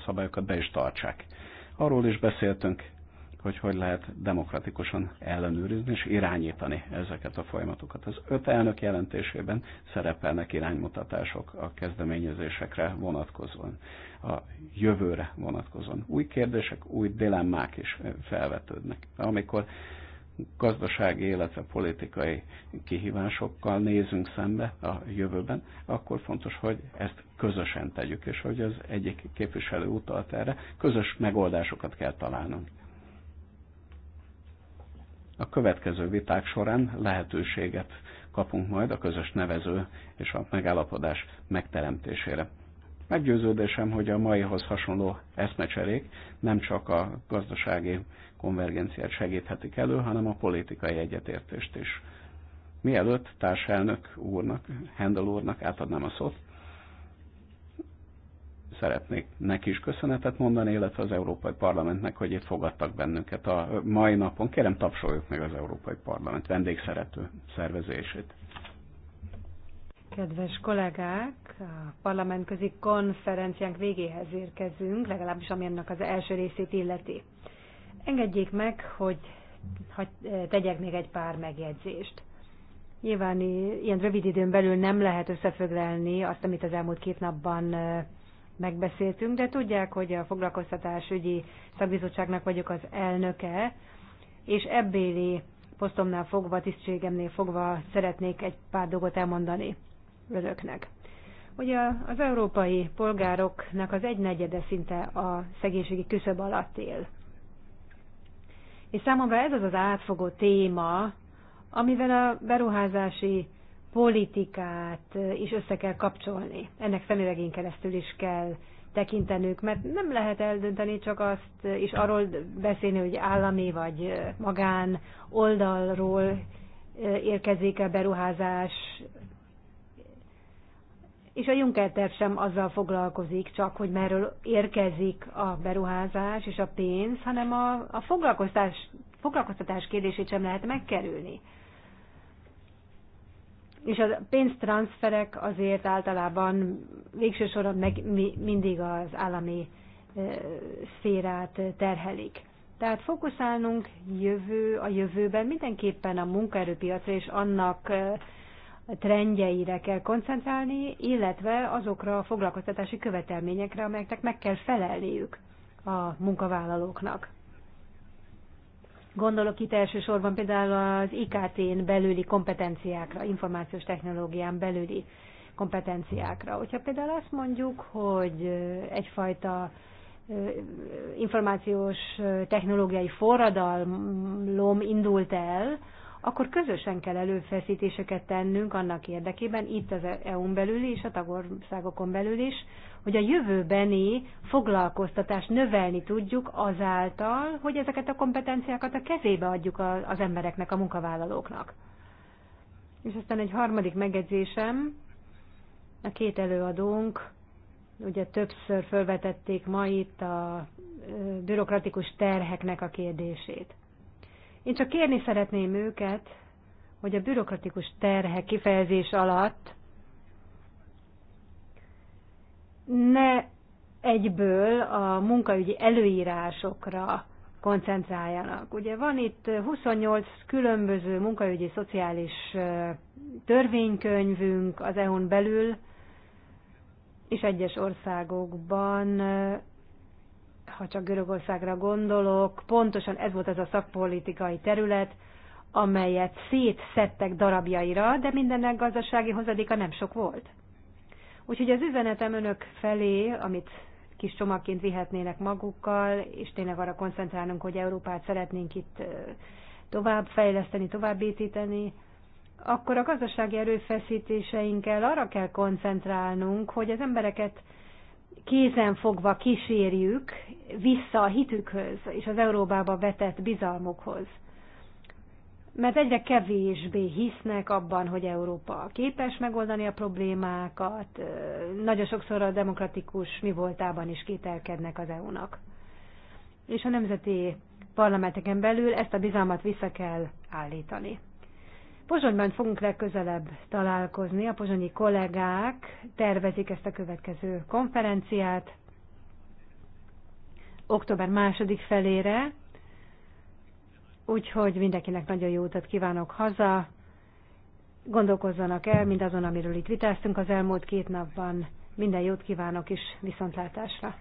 szabályokat be is tartsák. Arról is beszéltünk hogy hogy lehet demokratikusan ellenőrizni és irányítani ezeket a folyamatokat. Az öt elnök jelentésében szerepelnek iránymutatások a kezdeményezésekre vonatkozóan, a jövőre vonatkozóan. Új kérdések, új dilemmák is felvetődnek. Amikor gazdasági, illetve politikai kihívásokkal nézünk szembe a jövőben, akkor fontos, hogy ezt közösen tegyük, és hogy az egyik képviselő utalt erre, közös megoldásokat kell találnunk a következő viták során lehetőséget kapunk majd a közös nevező és a megállapodás megteremtésére. Meggyőződésem, hogy a maihoz hasonló eszmecserék nem csak a gazdasági konvergenciát segíthetik elő, hanem a politikai egyetértést is. Mielőtt társelnök úrnak, Hendel úrnak átadnám a szót, szeretnék neki is köszönetet mondani, illetve az Európai Parlamentnek, hogy itt fogadtak bennünket a mai napon. Kérem, tapsoljuk meg az Európai Parlament vendégszerető szervezését.
Kedves kollégák, a parlamentközi konferenciánk végéhez érkezünk, legalábbis ami ennek az első részét illeti. Engedjék meg, hogy, hogy tegyek még egy pár megjegyzést. Nyilván ilyen rövid időn belül nem lehet összefoglalni azt, amit az elmúlt két napban megbeszéltünk, de tudják, hogy a foglalkoztatásügyi szabizottságnak vagyok az elnöke, és ebbéli posztomnál fogva, tisztségemnél fogva szeretnék egy pár dolgot elmondani önöknek. Ugye az európai polgároknak az egynegyede szinte a szegénységi küszöb alatt él. És számomra ez az az átfogó téma, amivel a beruházási politikát is össze kell kapcsolni. Ennek szemüvegén keresztül is kell tekintenünk, mert nem lehet eldönteni csak azt, és arról beszélni, hogy állami vagy magán oldalról érkezik a beruházás, és a Juncker terv sem azzal foglalkozik csak, hogy merről érkezik a beruházás és a pénz, hanem a, a foglalkoztatás, foglalkoztatás kérdését sem lehet megkerülni és a pénztranszferek azért általában végső soron meg mindig az állami szférát terhelik. Tehát fókuszálnunk jövő, a jövőben mindenképpen a munkaerőpiacra és annak trendjeire kell koncentrálni, illetve azokra a foglalkoztatási követelményekre, amelyeknek meg kell felelniük a munkavállalóknak. Gondolok itt elsősorban például az IKT-n belüli kompetenciákra, információs technológián belüli kompetenciákra. Hogyha például azt mondjuk, hogy egyfajta információs technológiai forradalom indult el, akkor közösen kell előfeszítéseket tennünk annak érdekében, itt az EU-n belül is, a tagországokon belül is, hogy a jövőbeni foglalkoztatást növelni tudjuk azáltal, hogy ezeket a kompetenciákat a kezébe adjuk az embereknek, a munkavállalóknak. És aztán egy harmadik megjegyzésem, a két előadónk ugye többször felvetették ma itt a bürokratikus terheknek a kérdését. Én csak kérni szeretném őket, hogy a bürokratikus terhek kifejezés alatt ne egyből a munkaügyi előírásokra koncentráljanak. Ugye van itt 28 különböző munkaügyi szociális törvénykönyvünk az EU-n belül, és egyes országokban, ha csak Görögországra gondolok, pontosan ez volt az a szakpolitikai terület, amelyet szétszettek darabjaira, de mindennek gazdasági hozadéka nem sok volt. Úgyhogy az üzenetem önök felé, amit kis csomagként vihetnének magukkal, és tényleg arra koncentrálnunk, hogy Európát szeretnénk itt tovább fejleszteni, tovább építeni, akkor a gazdasági erőfeszítéseinkkel arra kell koncentrálnunk, hogy az embereket kézen fogva kísérjük vissza a hitükhöz és az Európába vetett bizalmukhoz mert egyre kevésbé hisznek abban, hogy Európa képes megoldani a problémákat, nagyon sokszor a demokratikus mi voltában is kételkednek az EU-nak. És a nemzeti parlamenteken belül ezt a bizalmat vissza kell állítani. Pozsonyban fogunk legközelebb találkozni, a pozsonyi kollégák tervezik ezt a következő konferenciát, október második felére, Úgyhogy mindenkinek nagyon jó utat kívánok haza. Gondolkozzanak el mindazon, amiről itt vitáztunk az elmúlt két napban. Minden jót kívánok, is viszontlátásra!